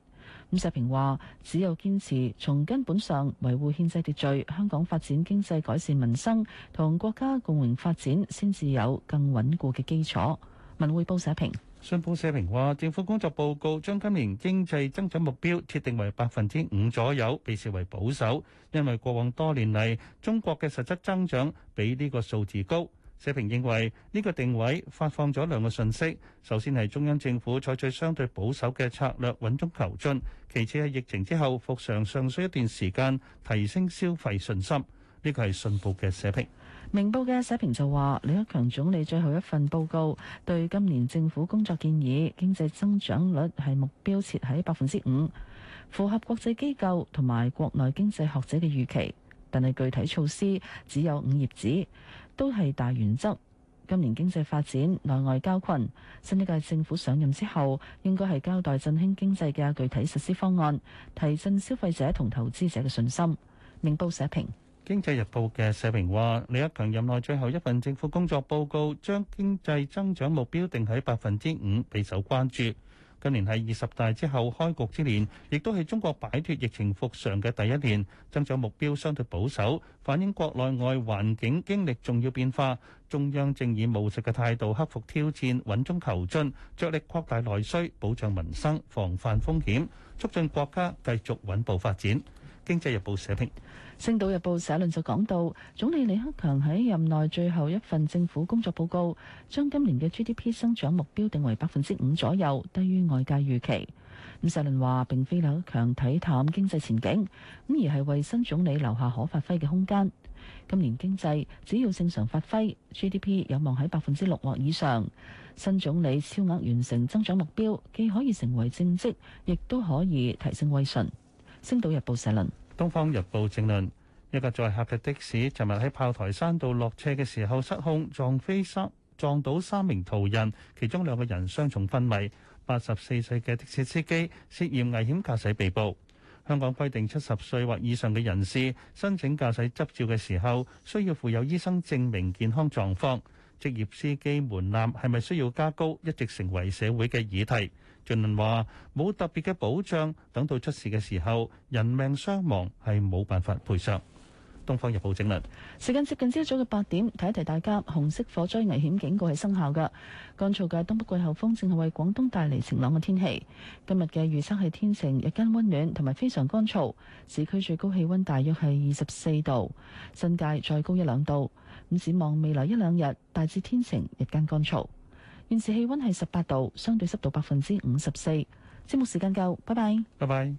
咁社評話，只有堅持從根本上維護憲制秩序，香港發展經濟、改善民生同國家共榮發展，先至有更穩固嘅基礎。文匯報社評。信報社評話，政府工作報告將今年經濟增長目標設定為百分之五左右，被視為保守，因為過往多年嚟中國嘅實質增長比呢個數字高。社評認為呢個定位發放咗兩個信息，首先係中央政府採取相對保守嘅策略，穩中求進；其次係疫情之後復常尚需一段時間，提升消費信心。呢個係信報嘅社評。明報嘅社評就話：李克強總理最後一份報告對今年政府工作建議，經濟增長率係目標設喺百分之五，符合國際機構同埋國內經濟學者嘅預期。但係具體措施只有五頁紙，都係大原則。今年經濟發展內外交困，新一屆政府上任之後，應該係交代振興經濟嘅具體實施方案，提振消費者同投資者嘅信心。明報社評。《經濟日報》嘅社評話：李克強任內最後一份政府工作報告，將經濟增長目標定喺百分之五，備受關注。今年係二十大之後開局之年，亦都係中國擺脫疫情復常嘅第一年，增長目標相對保守，反映國內外環境經歷重要變化。中央正以務實嘅態度克服挑戰，穩中求進，着力擴大內需，保障民生，防範風險，促進國家繼續穩步發展。《經濟日報》社評，《星島日報》社論就講到，總理李克強喺任內最後一份政府工作報告，將今年嘅 GDP 增長目標定為百分之五左右，低於外界預期。咁、嗯、社論話，並非李克強睇淡經濟前景，咁而係為新總理留下可發揮嘅空間。今年經濟只要正常發揮，GDP 有望喺百分之六或以上。新總理超額完成增長目標，既可以成為政績，亦都可以提升威信。《星島日報》社論，《東方日報》正論：一架載客嘅的士，尋日喺炮台山道落車嘅時候失控，撞飛三撞倒三名途人，其中兩個人雙重昏迷。八十四歲嘅的士司機涉嫌危險駕駛被捕。香港規定七十歲或以上嘅人士申請駕駛執照嘅時候，需要附有醫生證明健康狀況。職業司機門檻係咪需要加高，一直成為社會嘅議題？俊能話：冇特別嘅保障，等到出事嘅時候，人命傷亡係冇辦法賠償。《東方日報》整理。時間接近朝早嘅八點，提一提大家，紅色火災危險警告係生效嘅。乾燥嘅東北季候風正係為廣東帶嚟晴朗嘅天氣。今日嘅預測係天晴，日間溫暖同埋非常乾燥。市區最高氣溫大約係二十四度，新界再高一兩度。咁展望未來一兩日，大致天晴，日間乾燥。現時氣溫係十八度，相對濕度百分之五十四。節目時間夠，拜拜。拜拜。